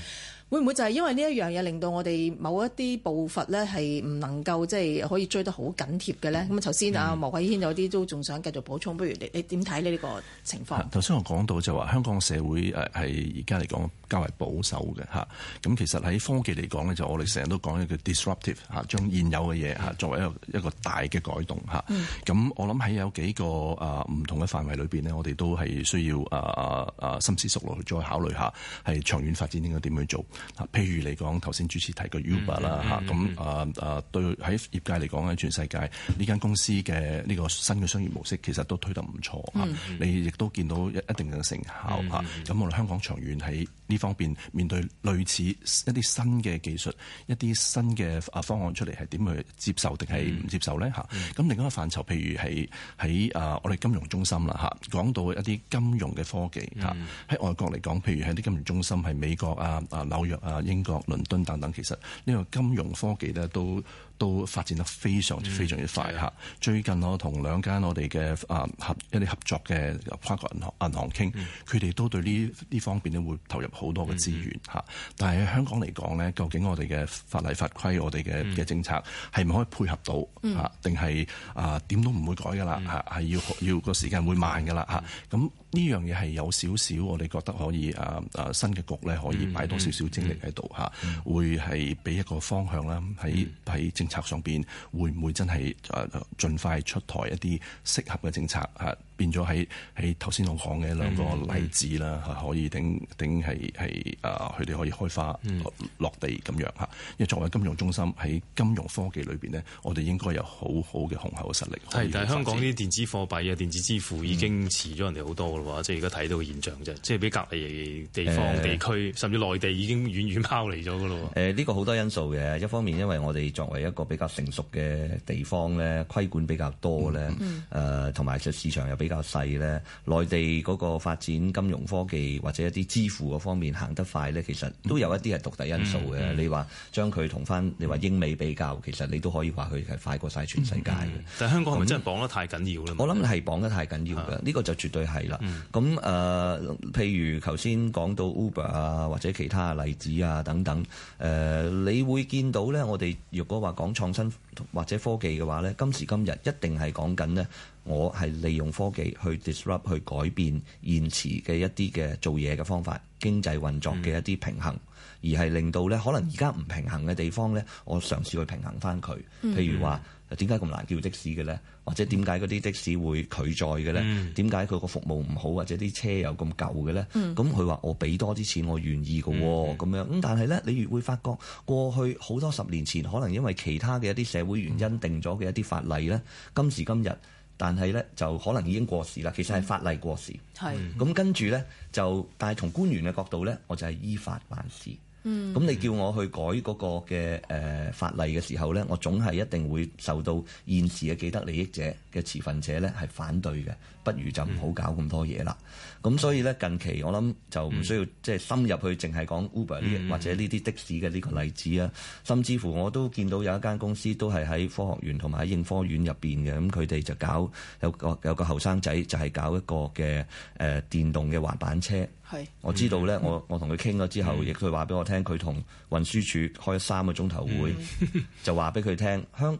會唔會就係因為呢一樣嘢，令到我哋某一啲步伐咧係唔能夠即係、就是、可以追得好緊貼嘅咧？咁啊，頭先啊，莫偉軒有啲都仲想繼續補充，不如你你點睇呢個情況？頭先我講到就話香港社會誒係而家嚟講較為保守嘅嚇，咁其實喺科技嚟講咧，就我哋成日都講一個 disruptive 嚇，將現有嘅嘢嚇作為一個一個大嘅改動嚇。咁、嗯、我諗喺有幾個誒唔同嘅範圍裏邊呢，我哋都係需要誒誒深思熟慮再考慮下，係長遠發展應該點樣去做。嗱，譬如嚟講，頭先主持提嘅 Uber 啦嚇，咁啊啊對喺業界嚟講喺全世界呢間公司嘅呢個新嘅商業模式其實都推得唔錯嚇，うううううう你亦都見到一一定嘅成效嚇。咁我哋香港長遠喺呢方面面對類似一啲新嘅技術、一啲新嘅啊方案出嚟，係點去接受定係唔接受咧嚇？咁另一個範疇，譬如係喺啊我哋金融中心啦嚇，講到一啲金融嘅科技嚇，喺外國嚟講，譬如喺啲金融中心係美國啊啊啊，英國、倫敦等等，其實呢個金融科技咧都都發展得非常之非常之快吓。最近我同兩間我哋嘅、啊合一啲合作嘅跨國銀行銀行傾，佢哋、嗯、都對呢呢方面咧會投入好多嘅資源吓。但係香港嚟講咧，究竟我哋嘅法例法規，我哋嘅嘅政策係唔、嗯、可以配合到吓定係啊點都唔會改噶啦吓，係、嗯、要要個時間會慢噶啦吓。咁呢、嗯、樣嘢係有少少，我哋覺得可以啊啊新嘅局咧可以擺多少少精力喺度吓，嗯嗯、會係俾一個方向啦，喺喺、嗯政策上邊會唔會真係誒盡快出台一啲適合嘅政策啊？變咗喺喺頭先我講嘅兩個例子啦，係、嗯、可以頂頂係係啊，佢哋可以開花、嗯、落地咁樣吓。因為作為金融中心喺金融科技裏邊呢，我哋應該有好好嘅雄厚嘅實力。但係香港啲電子貨幣啊、電子支付已經遲咗人哋好多嘅喎、嗯，即係而家睇到嘅現象啫。即係比隔離地方、嗯、地區甚至內地已經遠遠拋離咗嘅咯。誒、嗯，呢個好多因素嘅。一方面因為我哋作為一個比較成熟嘅地方咧，規管比較多咧，誒同埋就市場又比，嗯嗯嗯比較細咧，內地嗰個發展金融科技或者一啲支付嘅方面行得快咧，其實都有一啲係獨特因素嘅、嗯嗯。你話將佢同翻你話英美比較，其實你都可以話佢係快過晒全世界嘅、嗯。但香港係咪真係綁得太緊要啦。我諗係綁得太緊要嘅。呢的個就絕對係啦。咁誒、嗯呃，譬如頭先講到 Uber 啊，或者其他例子啊等等，誒、呃，你會見到咧，我哋如果話講創新或者科技嘅話咧，今時今日一定係講緊呢。我係利用科技去 disrupt，去改變現時嘅一啲嘅做嘢嘅方法，經濟運作嘅一啲平衡，嗯、而係令到呢可能而家唔平衡嘅地方呢，我嘗試去平衡翻佢。譬如話點解咁難叫的士嘅呢？或者點解嗰啲的士會拒載嘅呢？點解佢個服務唔好，或者啲車又咁舊嘅呢？咁佢話我俾多啲錢，我願意嘅喎咁樣咁，但係呢，你越會發覺過去好多十年前可能因為其他嘅一啲社會原因定咗嘅一啲法例呢，今時今日，但係呢，就可能已經過時啦。其實係法例過時，係咁、嗯、跟住呢，就，但係從官員嘅角度呢，我就係依法辦事。嗯，咁你叫我去改嗰個嘅誒、呃、法例嘅時候咧，我總係一定會受到現時嘅既得利益者嘅持份者咧係反對嘅，不如就唔好搞咁多嘢啦。咁、嗯、所以咧，近期我諗就唔需要即係深入去淨係講 Uber 呢或者呢啲的士嘅呢個例子啊，嗯、甚至乎我都見到有一間公司都係喺科學園同埋喺應科院入邊嘅，咁佢哋就搞有個有個後生仔就係搞一個嘅誒、呃、電動嘅滑板車。我知道咧，我我同佢傾咗之後，亦佢話俾我聽，佢同運輸署開咗三個鐘頭會，就話俾佢聽，香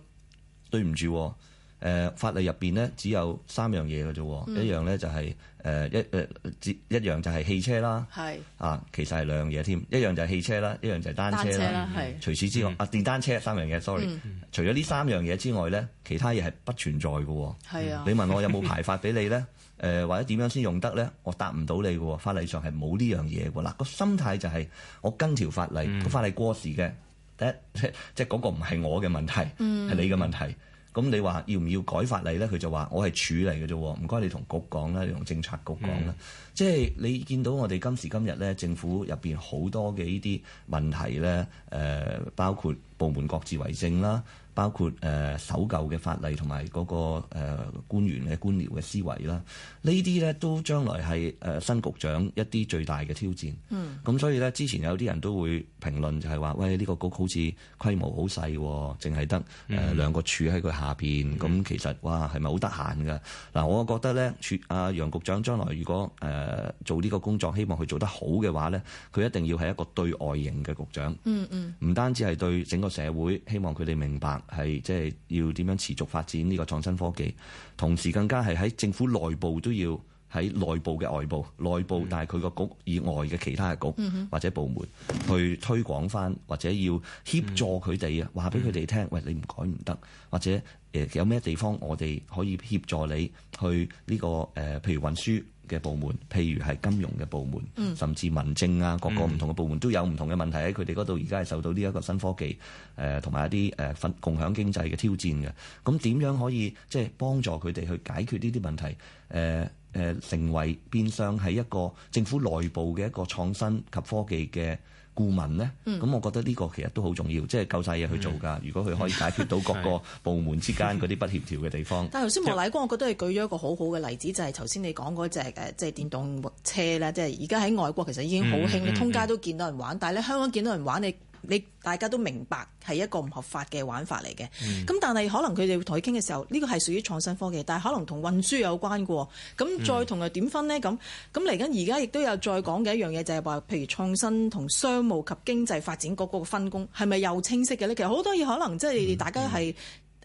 對唔住，誒法例入邊咧只有三樣嘢嘅啫，一樣咧就係誒一誒一一樣就係汽車啦，係啊，其實係兩樣嘢添，一樣就係汽車啦，一樣就係單車啦，係除此之外啊電單車三樣嘢，sorry，除咗呢三樣嘢之外咧，其他嘢係不存在嘅。係啊，你問我有冇排法俾你咧？誒或者點樣先用得咧？我答唔到你嘅喎，法例上係冇呢樣嘢嘅喎。嗱，個心態就係我跟條法例，個、嗯、法例過時嘅，that, 即即嗰、嗰個唔係我嘅問題，係、嗯、你嘅問題。咁你話要唔要改法例咧？佢就話我係處理嘅啫，唔該你同局講啦，你同政策局講啦。嗯、即係你見到我哋今時今日咧，政府入邊好多嘅呢啲問題咧，誒、呃、包括部門各自為政啦。嗯嗯包括誒、呃、守舊嘅法例同埋嗰個、呃、官員嘅官僚嘅思維啦，呢啲咧都將來係誒、呃、新局長一啲最大嘅挑戰，嗯。咁所以咧，之前有啲人都會評論就係話，喂，呢、這個局好似規模好細，淨係得誒、呃、兩個處喺佢下邊，咁、嗯、其實哇，係咪好得閒㗎？嗱、啊，我覺得咧，處阿楊、啊、局長將來如果誒、呃、做呢個工作，希望佢做得好嘅話咧，佢一定要係一個對外型嘅局長，嗯嗯。唔單止係對整個社會，希望佢哋明白。係即係要點樣持續發展呢個創新科技，同時更加係喺政府內部都要喺內部嘅外部，內部但係佢個局以外嘅其他嘅局或者部門去推廣返，或者要協助佢哋啊，話俾佢哋聽，嗯、喂，你唔改唔得，或者誒有咩地方我哋可以協助你去呢、這個誒、呃，譬如運輸嘅部門，譬如係金融嘅部門，嗯、甚至民政啊，各個唔同嘅部門都有唔同嘅問題喺佢哋嗰度。而家係受到呢一個新科技誒同埋一啲誒分共享經濟嘅挑戰嘅。咁點樣可以即係、就是、幫助佢哋去解決呢啲問題？誒、呃、誒、呃，成為變相係一個政府內部嘅一個創新及科技嘅。顧問咧，咁、嗯、我覺得呢個其實都好重要，即、就、係、是、夠晒嘢去做㗎。嗯、如果佢可以解決到各個部門之間嗰啲不協調嘅地方， 但係頭先莫乃光，我覺得係舉咗一個好好嘅例子，就係頭先你講嗰隻誒，即、就、係、是、電動車啦，即係而家喺外國其實已經好興，嗯、通街都見到人玩，嗯嗯、但係咧香港見到人玩你。你大家都明白係一個唔合法嘅玩法嚟嘅，咁、嗯、但係可能佢哋同佢傾嘅時候，呢個係屬於創新科技，但係可能同運輸有關嘅喎。咁再同佢點分呢？咁咁嚟緊而家亦都有再講嘅一樣嘢，就係話，譬如創新同商務及經濟發展嗰個分工係咪又清晰嘅呢？其實好多嘢可能即係大家係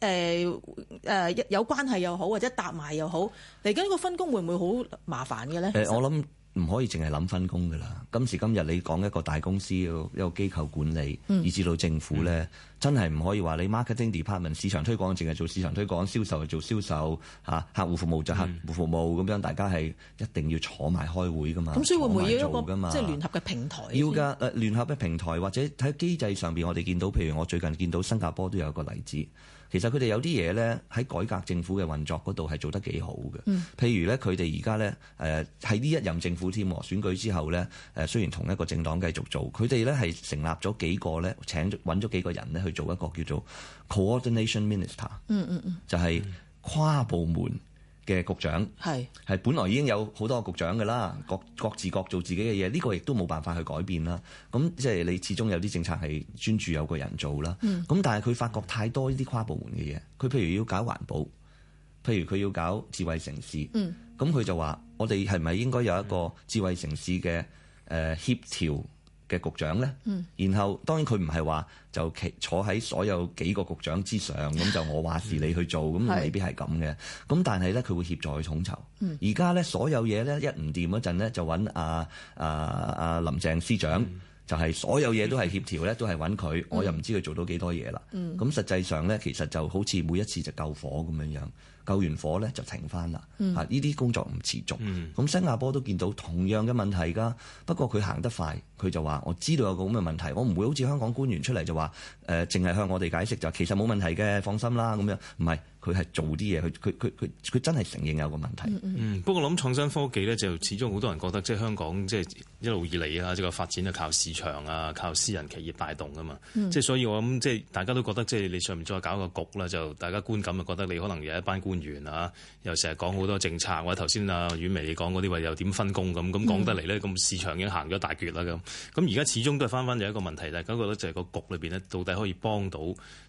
誒誒有關係又好，或者搭埋又好，嚟緊個分工會唔會好麻煩嘅呢？誒、呃，我諗。唔可以淨係諗分工噶啦。今時今日你講一個大公司一個機構管理，嗯、以至到政府咧，嗯、真係唔可以話你 marketing department 市場推廣淨係做市場推廣，銷售就做銷售，嚇客戶服務就客戶服務咁、嗯、樣，大家係一定要坐埋開會噶嘛。咁所以會唔會要個嘛？即係、就係、聯合嘅平、呃、平台？要噶誒，聯合嘅平台或者喺機制上邊，我哋見到，譬如我最近見到新加坡都有一個例子。其實佢哋有啲嘢咧，喺改革政府嘅運作嗰度係做得幾好嘅，嗯、譬如咧佢哋而家咧誒喺呢一任政府添喎，選舉之後咧誒、呃、雖然同一個政黨繼續做，佢哋咧係成立咗幾個咧請咗揾咗幾個人咧去做一個叫做 coordination minister，嗯嗯嗯，就係跨部門。嘅局長係係，是本來已經有好多個局長㗎啦，各各自各做自己嘅嘢，呢、這個亦都冇辦法去改變啦。咁即係你始終有啲政策係專注有個人做啦。咁、嗯、但係佢發覺太多呢啲跨部門嘅嘢，佢譬如要搞環保，譬如佢要搞智慧城市，咁佢、嗯、就話：我哋係咪應該有一個智慧城市嘅誒、呃、協調？嘅局長咧，然後當然佢唔係話就坐喺所有幾個局長之上，咁就我話事你去做，咁未必係咁嘅。咁但係咧，佢會協助佢統籌。而家咧，所有嘢咧一唔掂嗰陣咧，就揾阿阿阿林鄭司長，就係所有嘢都係協調咧，都係揾佢。我又唔知佢做到幾多嘢啦。咁實際上咧，其實就好似每一次就救火咁樣樣。救完火咧就停翻啦，啊呢啲工作唔持續。咁、嗯、新加坡都見到同樣嘅問題，㗎，不過佢行得快，佢就話我知道有個咁嘅問題，我唔會好似香港官員出嚟就話，誒淨係向我哋解釋就其實冇問題嘅，放心啦咁樣，唔係。佢係做啲嘢，佢佢佢佢佢真係承認有個問題。嗯，不過我諗創新科技咧就始終好多人覺得，即係香港即係一路以嚟啊，即個發展係靠市場啊，靠私人企業帶動㗎嘛。即係、嗯、所以我諗即係大家都覺得即係你上面再搞個局咧，就大家觀感就覺得你可能有一班官員啊，又成日講好多政策、嗯、或者頭先阿婉薇講嗰啲話又點分工咁，咁講得嚟咧咁市場已經行咗大決啦咁。咁而家始終都係翻翻有一個問題大家覺得就係個局裏邊咧到底可以幫到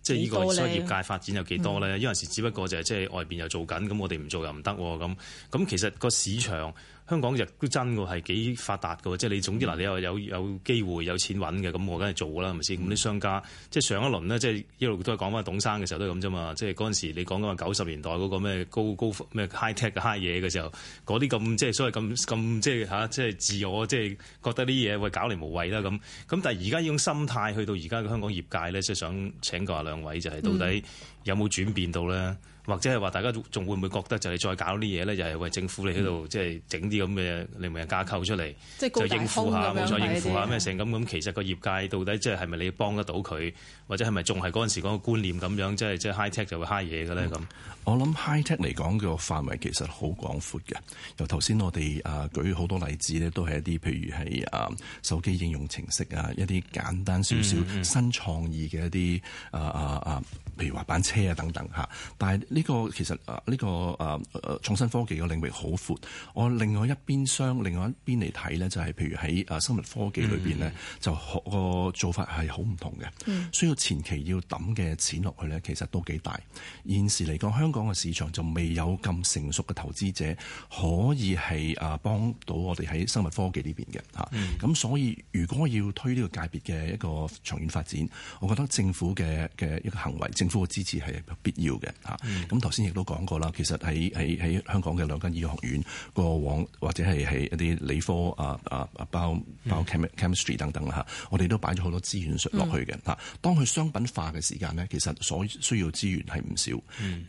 即係呢、這個商業界發展有幾多咧、嗯？因為，因為只不過就係即係外邊又做緊咁，我哋唔做又唔得喎。咁咁其實個市場。香港亦都真㗎，係幾發達㗎，即係你總之嗱，你有有有機會有錢揾嘅，咁我梗係做啦，係咪先？咁、嗯、啲、嗯、商家即係上一輪咧，即係一路都係講翻董生嘅時候都係咁啫嘛。即係嗰陣時你講緊話九十年代嗰個咩高高咩 high tech high 嘢嘅時候，嗰啲咁即係所謂咁咁即係嚇，即係自我即係覺得呢啲嘢會搞嚟無謂啦咁。咁但係而家呢種心態去到而家嘅香港業界咧，即係想請教下兩位就係、是、到底有冇轉變到咧？嗯或者係話大家仲會唔會覺得就係再搞啲嘢咧？又、就、係、是、為政府嚟喺度即係整啲咁嘅令埋架構出嚟，即就應付下冇這樣 錯應付下咩成咁咁。其實個業界到底即係係咪你幫得到佢，或者係咪仲係嗰陣時個觀念咁樣，即係即係 high tech 就會 high 嘢嘅咧咁。嗯我諗 high tech 嚟講嘅範圍其實好廣闊嘅，由頭先我哋啊舉好多例子咧，都係一啲譬如係啊手機應用程式啊，一啲簡單少少新創意嘅一啲啊啊啊，譬如滑板車啊等等吓、啊，但係、這、呢個其實啊呢個啊創新科技嘅領域好闊，我另外一邊廂另外一邊嚟睇咧，就係、是、譬如喺啊生物科技裏邊咧，嗯、就個做法係好唔同嘅，需要、嗯、前期要抌嘅錢落去咧，其實都幾大。現時嚟講香。香港嘅市場就未有咁成熟嘅投資者可以係啊幫到我哋喺生物科技呢邊嘅嚇，咁、嗯、所以如果要推呢個界別嘅一個長遠發展，我覺得政府嘅嘅一個行為，政府嘅支持係必要嘅吓，咁頭先亦都講過啦，其實喺喺喺香港嘅兩間醫學院，過往或者係喺一啲理科啊啊包包 chemistry 等等啦吓，嗯、我哋都擺咗好多資源落去嘅吓，嗯、當佢商品化嘅時間咧，其實所需要資源係唔少，嗯，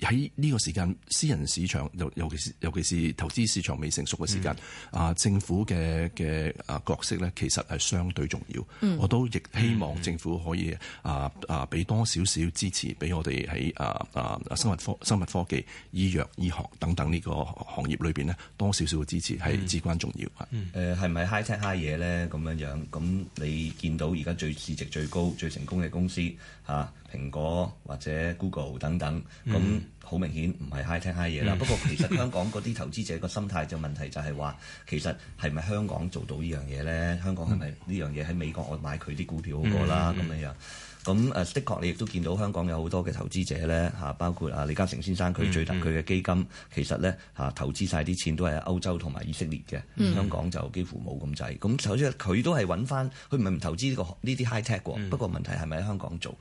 喺呢個時間，私人市場尤尤其是尤其是投資市場未成熟嘅時間，啊，政府嘅嘅啊角色咧，其實係相對重要。我都亦希望政府可以啊啊俾多少少支持，俾我哋喺啊啊生物科、生物科技、醫藥、醫學等等呢個行業裏邊咧，多少少嘅支持係至關重要。誒，係咪 high tech high 嘢咧？咁樣樣，咁你見到而家最市值最高、最成功嘅公司嚇？蘋果或者 Google 等等，咁好、嗯、明顯唔係 high 聽 high 嘢啦。嗯、不過其實香港嗰啲投資者個心態就問題就係話， 其實係咪香港做到呢樣嘢呢？香港係咪呢樣嘢喺美國我買佢啲股票好過啦？咁樣、嗯、樣。嗯嗯咁誒，的確你亦都見到香港有好多嘅投資者咧嚇，包括啊李嘉誠先生佢最大佢嘅基金，mm hmm. 其實咧嚇、啊、投資晒啲錢都係喺歐洲同埋以色列嘅，mm hmm. 香港就幾乎冇咁滯。咁首先佢都係揾翻，佢唔係唔投資呢個呢啲 high tech 喎、mm。Hmm. 不過問題係咪喺香港做？咁、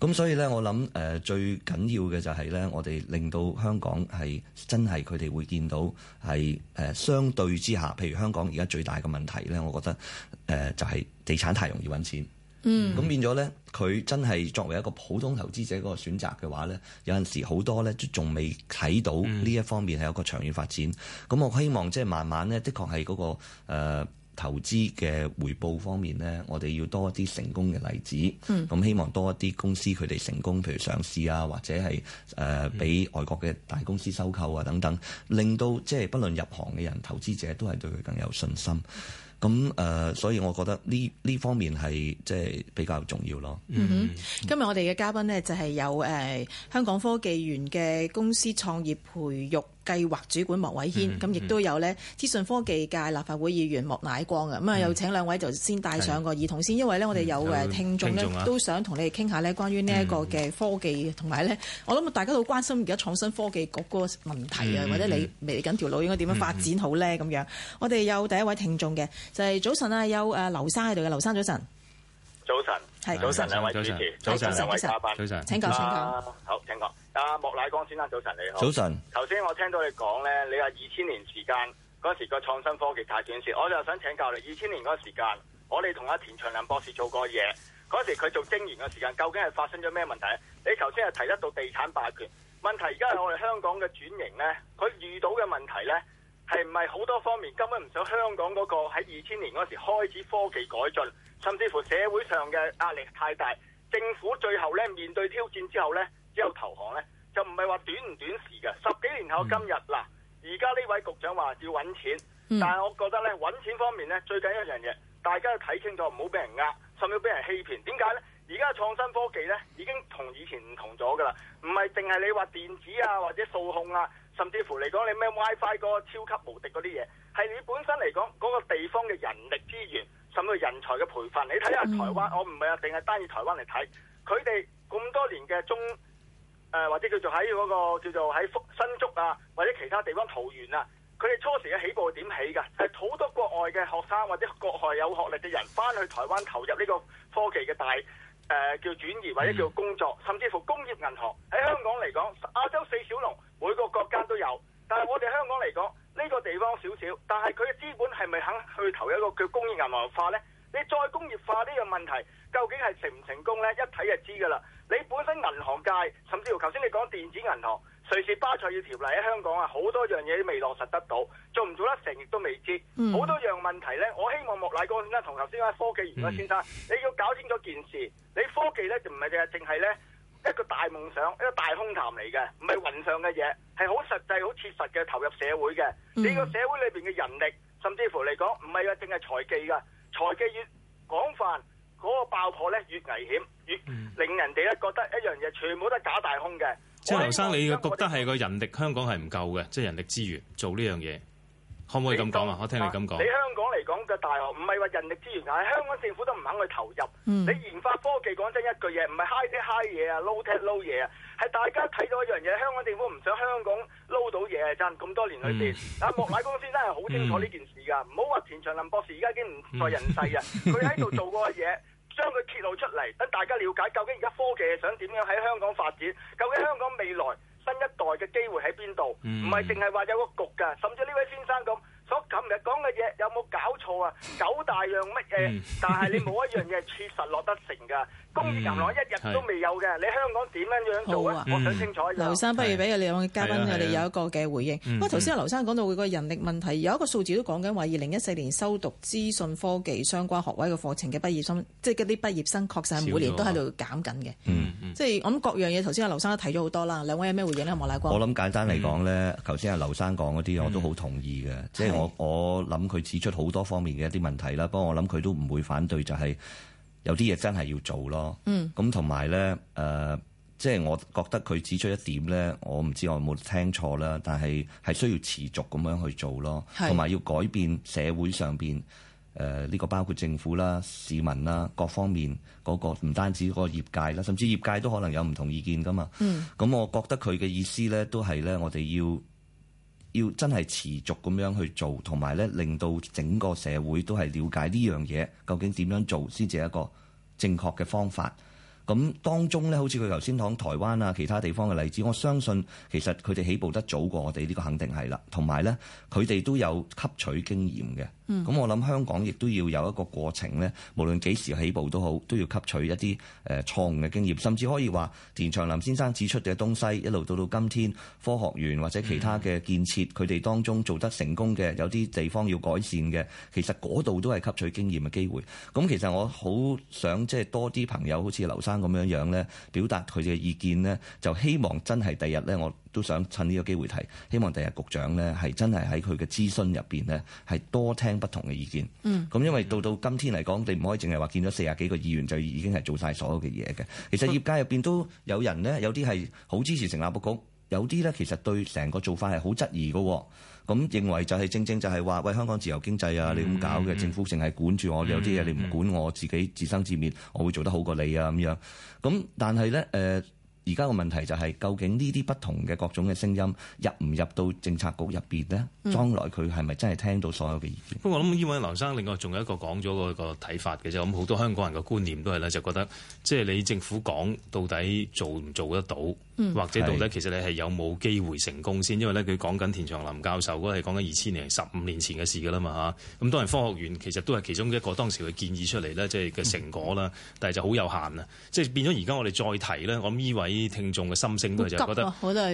mm hmm. 所以咧，我諗誒、呃、最緊要嘅就係咧，我哋令到香港係真係佢哋會見到係誒、呃、相對之下，譬如香港而家最大嘅問題咧，我覺得誒、呃、就係、是、地產太容易揾錢。嗯，咁變咗呢，佢真係作為一個普通投資者嗰個選擇嘅話呢，有陣時好多呢，仲未睇到呢一方面係有個長遠發展。咁、嗯、我希望即係慢慢呢，的確係嗰、嗰個、呃、投資嘅回報方面呢，我哋要多啲成功嘅例子。咁、嗯、希望多一啲公司佢哋成功，譬如上市啊，或者係誒俾外國嘅大公司收購啊等等，令到即係不論入行嘅人、投資者都係對佢更有信心。咁誒，所以我覺得呢呢方面係即係比較重要咯。嗯哼，今日我哋嘅嘉賓咧就係有誒香港科技園嘅公司創業培育。計劃主管莫偉軒，咁亦都有咧。資訊科技界立法會議員莫乃光啊，咁啊又請兩位就先戴上個耳筒、嗯、先，因為咧我哋有誒聽眾咧、啊、都想同你哋傾下咧關於呢一個嘅科技，同埋咧我諗大家都好關心而家創新科技局嗰個問題啊，嗯、或者你嚟緊條路應該點樣發展好咧咁樣。嗯嗯、我哋有第一位聽眾嘅就係、是、早晨啊，有誒劉生喺度嘅，劉生早晨。早晨。早晨係早晨安，兩位安主持，早晨兩位嘉賓，早晨安安請講先啦。安好，請講。阿莫乃光先生，早晨你好。早晨安。頭先我聽到你講咧，你話二千年時間嗰時個創新科技太短線，我就想請教你二千年嗰個時間，我哋同阿田長霖博士做過嘢嗰時，佢做精研嘅時間，究竟係發生咗咩問題？你頭先係提得到地產霸權問題，而家係我哋香港嘅轉型咧，佢遇到嘅問題咧。係唔係好多方面根本唔想香港嗰個喺二千年嗰時開始科技改進，甚至乎社會上嘅壓力太大，政府最後咧面對挑戰之後咧之後投降咧，就唔係話短唔短時嘅十幾年後今日嗱，而家呢位局長話要揾錢，但係我覺得咧揾錢方面咧最緊一樣嘢，大家都睇清楚，唔好俾人呃，甚至俾人欺騙。點解咧？而家創新科技咧已經同以前唔同咗噶啦，唔係淨係你話電子啊或者數控啊。甚至乎嚟講你咩 WiFi、嗰個超級無敵嗰啲嘢，係你本身嚟講嗰個地方嘅人力資源，甚至人才嘅培訓，你睇下台灣，我唔係一定係單以台灣嚟睇，佢哋咁多年嘅中，誒、呃、或者叫做喺嗰、嗰個叫做喺新竹啊或者其他地方桃園啊，佢哋初時嘅起步係點起㗎？係、就、好、是、多國外嘅學生或者國外有學歷嘅人翻去台灣投入呢個科技嘅大。誒、呃、叫轉移或者叫工作，甚至乎工業銀行喺香港嚟講，亞洲四小龍每個國家都有，但係我哋香港嚟講呢個地方少少，但係佢嘅資本係咪肯去投一個叫工業銀行化呢？你再工業化呢個問題究竟係成唔成功呢？一睇就知㗎喇。你本身銀行界，甚至乎頭先你講電子銀行。隨時巴塞要條例喺香港啊，好多樣嘢都未落實得到，做唔做得成亦都未知。好、嗯、多樣問題呢，我希望莫乃光先生同頭先位科技員啊先生，嗯、你要搞清楚件事。你科技呢，就唔係隻係淨係一個大夢想、一個大空談嚟嘅，唔係雲上嘅嘢，係好實際、好切實嘅投入社會嘅。嗯、你個社會裏邊嘅人力，甚至乎嚟講唔係啊，淨係財技㗎，財技越廣泛，嗰、那個爆破呢越危險，越令人哋咧覺得一樣嘢全部都係假大空嘅。即係劉生，你嘅覺得係個人力香港係唔夠嘅，即係人力資源做呢樣嘢，可唔可以咁講啊？說我聽你咁講。你香港嚟講嘅大學，唔係話人力資源，係香港政府都唔肯去投入。嗯、你研發科技，講真一句嘢，唔係 high tech high 嘢啊，low tech low 嘢啊，係大家睇到一樣嘢，香港政府唔想香港撈到嘢啊。真。咁多年去邊，阿、嗯、莫乃光先生係好清楚呢件事噶。唔好話田長霖博士，而家已經唔在人世啊。佢喺度做過嘅嘢。將佢揭露出嚟，等大家了解究竟而家科技係想點樣喺香港發展，究竟香港未來新一代嘅機會喺邊度？唔係淨係話有個局噶，甚至呢位先生咁。所琴日講嘅嘢有冇搞錯啊？九大樣乜嘢？但係你冇一樣嘢係確實落得成㗎。工字銀兩一日都未有嘅。你香港點樣樣做啊？我想清楚。劉生不如俾你兩位嘉賓佢哋有一個嘅回應。不過頭先阿劉生講到佢個人力問題，有一個數字都講緊話，二零一四年修讀資訊科技相關學位嘅課程嘅畢業生，即係嗰啲畢業生確實係每年都喺度減緊嘅。即係我諗各樣嘢，頭先阿劉生都睇咗好多啦。兩位有咩回應呢？莫乃光。我諗簡單嚟講呢，頭先阿劉生講嗰啲我都好同意嘅，即係。我我諗佢指出好多方面嘅一啲問題啦，不過我諗佢都唔會反對，就係有啲嘢真係要做咯。嗯，咁同埋咧，誒，即係我覺得佢指出一點咧，我唔知我有冇聽錯啦，但係係需要持續咁樣去做咯，同埋是要改變社會上邊誒呢個包括政府啦、市民啦各方面嗰個，唔單止個業界啦，甚至業界都可能有唔同意見噶嘛。嗯，咁我覺得佢嘅意思咧，都係咧，我哋要。要真係持續咁樣去做，同埋咧，令到整個社會都係了解呢樣嘢，究竟點樣做先至係一個正確嘅方法。咁當中呢，好似佢頭先講台灣啊，其他地方嘅例子，我相信其實佢哋起步得早過我哋，呢、呢個肯定係啦。同埋呢，佢哋都有吸取經驗嘅。咁、嗯、我諗香港亦都要有一個過程呢，無論幾時起步都好，都要吸取一啲誒、呃、錯誤嘅經驗，甚至可以話田長林先生指出嘅東西，一路到到今天科學園或者其他嘅建設，佢哋、嗯、當中做得成功嘅，有啲地方要改善嘅，其實嗰度都係吸取經驗嘅機會。咁其實我好想即係多啲朋友，好似劉生。咁樣樣咧，表達佢哋嘅意見咧，就希望真係第日咧，我都想趁呢個機會提，希望第日局長咧，係真係喺佢嘅諮詢入邊咧，係多聽不同嘅意見。嗯，咁因為到到今天嚟講，你唔可以淨係話見咗四十幾個議員就已經係做晒所有嘅嘢嘅。其實業界入邊都有人咧，有啲係好支持成立部局，有啲咧其實對成個做法係好質疑嘅。咁認為就係、是、正正就係、是、話，喂，香港自由經濟啊，你咁搞嘅，嗯、政府淨係管住我，嗯、有啲嘢你唔管我，我自己自生自滅，嗯、我會做得好過你啊咁樣。咁但係咧，誒、呃。而家個問題就係、是、究竟呢啲不同嘅各種嘅聲音入唔入到政策局入邊呢？將來佢係咪真係聽到所有嘅意見？不過、嗯、我諗，呢位劉生另外仲有一個講咗嗰個睇法嘅啫。咁、就、好、是、多香港人嘅觀念都係咧，就覺得即係你政府講到底做唔做得到，嗯、或者到底其實你係有冇機會成功先？因為咧佢講緊田長林教授嗰係講緊二千零十五年前嘅事㗎啦嘛嚇。咁當然科學院其實都係其中一個當時嘅建議出嚟咧、嗯，即係嘅成果啦。但係就好有限啊！即係變咗而家我哋再提咧，我諗呢位。啲聽眾嘅心聲都係就覺得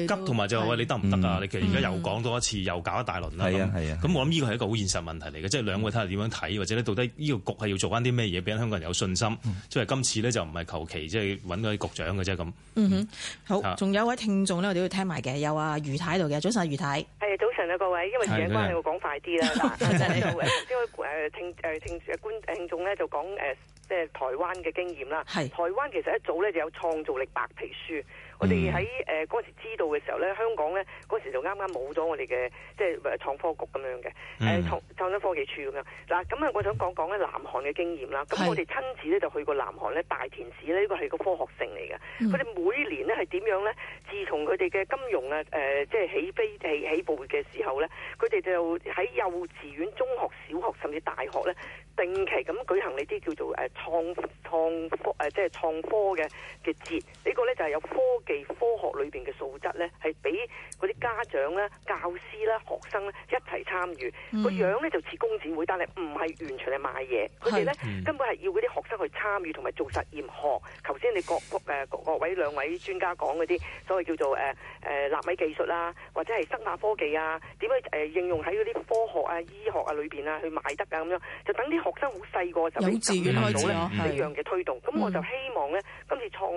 急，同埋就話喂，你得唔得啊？你其實而家又講多一次，又搞一大輪啦。係啊，係啊。咁我諗呢個係一個好現實問題嚟嘅，即係兩位睇下點樣睇，或者咧到底呢個局係要做翻啲咩嘢，俾香港人有信心。即係今次咧就唔係求其，即係揾嗰啲局長嘅啫咁。好。仲有位聽眾呢，我哋要聽埋嘅，有阿余太喺度嘅。早晨，余太。係早晨啊，各位。因為時間關係，我講快啲啦。因為誒聽誒聽觀聽眾咧就講誒。即係台灣嘅經驗啦，是台灣其實一早咧就有創造力白皮書。嗯、我哋喺誒嗰時知道嘅時候咧，香港咧嗰時就啱啱冇咗我哋嘅即係創科局咁樣嘅，誒創創新科技處咁樣。嗱，咁啊，我想講講咧南韓嘅經驗啦。咁、嗯、我哋親自咧就去過南韓咧大田市咧，呢個係個科學城嚟嘅。佢哋、嗯、每年咧係點樣咧？自從佢哋嘅金融啊，誒、呃、即、就、係、是、起飛起起步。嘅時候咧，佢哋就喺幼稚園、中學、小學甚至大學咧，定期咁舉行呢啲叫做誒創創科誒，即係創科嘅嘅節。呢、這個咧就係有科技科學裏邊嘅素質咧，係俾嗰啲家長咧、教師啦、學生咧一齊參與。個、嗯、樣咧就似工展會，但係唔係完全係賣嘢。佢哋咧根本係要嗰啲學生去參與同埋做實驗學。頭先你各誒各，各，各，各位兩位專家講嗰啲所謂叫做誒誒納米技術啦，或者係生化科技。啊，點樣誒應用喺嗰啲科學啊、醫學啊裏邊啊去買得啊咁樣？就等啲學生好細個時候開始做到咧，呢樣嘅推動。咁我就希望呢，今次創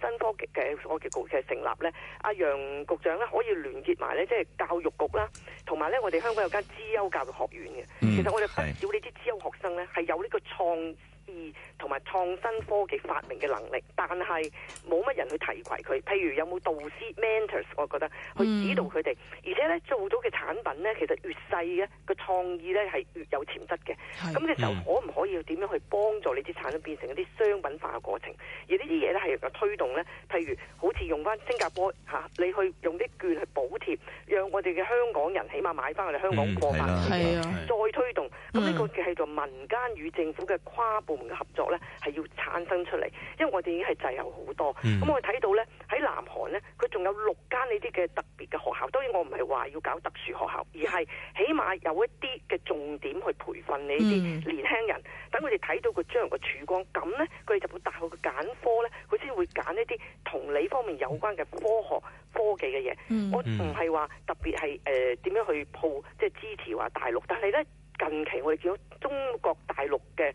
新科技嘅科技局嘅成立呢，阿、嗯、楊局長呢，可以聯結埋呢，即係教育局啦，同埋呢，我哋香港有間資優教育學院嘅。嗯、其實我哋不少呢啲資優學生呢，係有呢個創意同埋創新科技發明嘅能力，但係冇乜人去提攜佢。譬如有冇導師 mentors，我覺得去指導佢哋。而且咧做到嘅產品咧，其實越細嘅個創意咧係越有潛質嘅。咁嘅就可唔可以點樣去幫助你啲產品變成一啲商品化嘅過程？而呢啲嘢咧係個推動咧，譬如好似用翻新加坡嚇，你去用啲券去補貼，讓我哋嘅香港人起碼買翻我哋香港過百再推動。咁呢個叫係做民間與政府嘅跨步。部門嘅合作咧，係要產生出嚟，因為我哋已經係滯後好多。咁、嗯嗯、我哋睇到咧，喺南韓咧，佢仲有六間呢啲嘅特別嘅學校。當然，我唔係話要搞特殊學校，而係起碼有一啲嘅重點去培訓呢啲年輕人。等佢哋睇到佢將來嘅曙光咁咧，佢哋就會大學嘅揀科咧，佢先會揀一啲同你方面有關嘅科學科技嘅嘢。嗯、我唔係話特別係誒點樣去抱即係、就是、支持話大陸，但係咧近期我哋見到中國大陸嘅。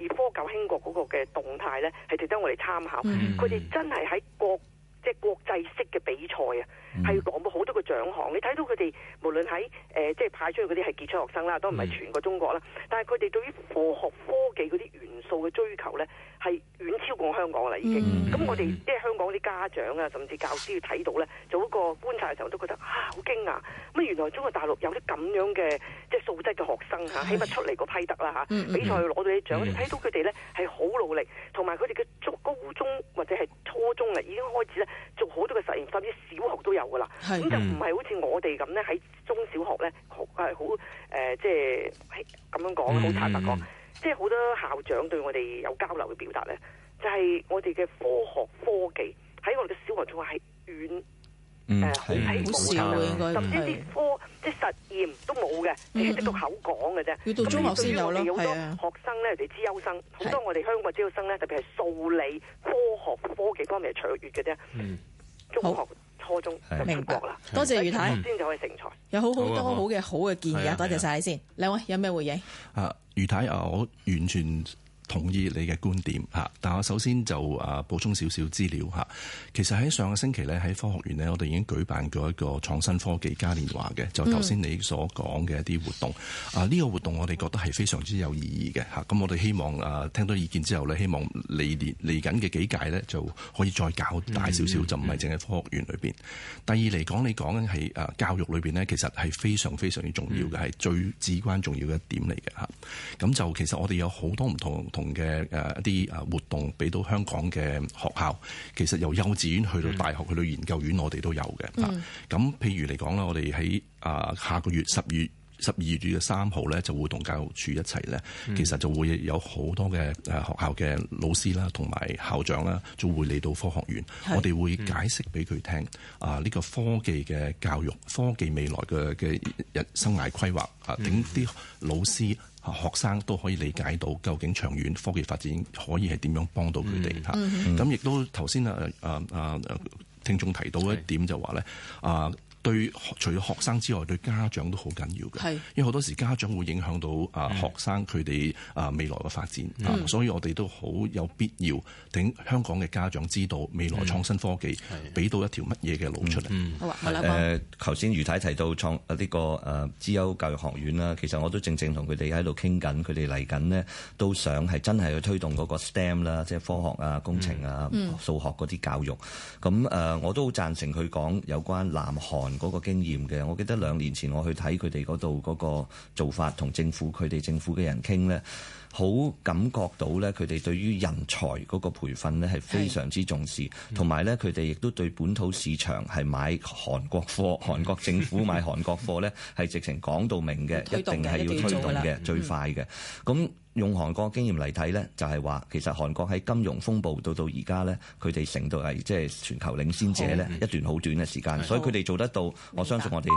而科教興國嗰個嘅動態咧，係值得我哋參考。佢哋、mm hmm. 真係喺國即係、就是、國際式嘅比賽啊，係講到好多個獎項。你睇到佢哋無論喺誒即係派出去嗰啲係傑出學生啦，都唔係全個中國啦。Mm hmm. 但係佢哋對於科學科技嗰啲元素嘅追求咧。係遠超過香港啦，已經咁、嗯、我哋即係香港啲家長啊，甚至教師要睇到咧，做一個觀察嘅時候都覺得啊，好驚啊！咁原來中國大陸有啲咁樣嘅即係素質嘅學生嚇，是起碼出嚟個批得啦嚇，比賽攞到啲獎，睇到佢哋咧係好努力，同埋佢哋嘅高中或者係初中啊，已經開始咧做好多嘅實驗，甚至小學都有噶啦。咁是、嗯、就唔係好似我哋咁咧，喺中小學咧好誒，即係咁樣講，好坦白講。即係、嗯嗯、好多校長對我哋有交流嘅表達咧，就係我哋嘅科學科技喺我哋嘅小學仲係遠，誒好睇、步啊，甚至啲科即係實驗都冇嘅，你、嗯、只讀口講嘅啫。咁到中學先有咯。係啊，學生咧，我哋資優生，好多我哋香港嘅資優生咧，特別係數理、科學、科技方面係卓越嘅啫。中學。嗯初中、明白國啦，多謝余太，先至可以成才，有好好多好嘅好嘅建議啊，多謝晒你先。兩位有咩回應？啊，余太啊，我完全。同意你嘅觀點嚇，但我首先就啊補充少少資料嚇。其實喺上個星期咧，喺科學園呢，我哋已經舉辦咗一個創新科技嘉年華嘅，就頭、是、先你所講嘅一啲活動啊。呢、嗯、個活動我哋覺得係非常之有意義嘅嚇。咁我哋希望啊，聽到意見之後咧，希望嚟年嚟緊嘅幾屆咧就可以再搞大少少，嗯嗯、就唔係淨係科學園裏邊。第二嚟講，你講緊係啊教育裏邊咧，其實係非常非常之重要嘅，係、嗯、最至關重要嘅一點嚟嘅嚇。咁就其實我哋有好多唔同嘅誒一啲誒活動俾到香港嘅學校，其實由幼稚園去到大學，嗯、去到研究院，我哋都有嘅。啊、嗯，咁譬如嚟講啦，我哋喺啊下個月十月十二月嘅三號咧，就會同教育處一齊咧，嗯、其實就會有好多嘅誒、呃、學校嘅老師啦，同埋校長啦，就會嚟到科學園。是我哋會解釋俾佢聽、嗯、啊，呢、這個科技嘅教育，科技未來嘅嘅日生涯規劃啊，等啲老師。學生都可以理解到究竟長遠科技發展可以係點樣幫到佢哋嚇，咁亦、mm hmm. 嗯、都頭先啊啊啊聽眾提到一點就話咧啊。是呃對，除咗學生之外，對家長都好緊要嘅，係，因為好多時家長會影響到啊學生佢哋啊未來嘅發展，的嗯、所以我哋都好有必要頂香港嘅家長知道未來創新科技俾到一條乜嘢嘅路出嚟、嗯。嗯，好誒頭先余太太提到創啊呢個誒資優教育學院啦，其實我都正正同佢哋喺度傾緊，佢哋嚟緊咧都想係真係去推動個 STEM 啦，即係科學啊、工程啊、數學啲教育。咁誒、嗯呃、我都好贊成佢講有關南韓，嗰個經驗嘅，我記得兩年前我去睇佢哋嗰度嗰個做法，同政府佢哋政府嘅人傾咧。好感覺到咧，佢哋對於人才個培訓咧係非常之重視，同埋咧佢哋亦都對本土市場係買韓國貨韓 國政府買韓國貨咧係直情講到明嘅，一定係要推動嘅，動最快嘅。咁、嗯、用韓國經驗嚟睇咧，就係、是、話其實韓國喺金融風暴到到而家咧，佢哋成到係即係全球領先者咧一段短好短嘅時間，所以佢哋做得到，的我相信我哋。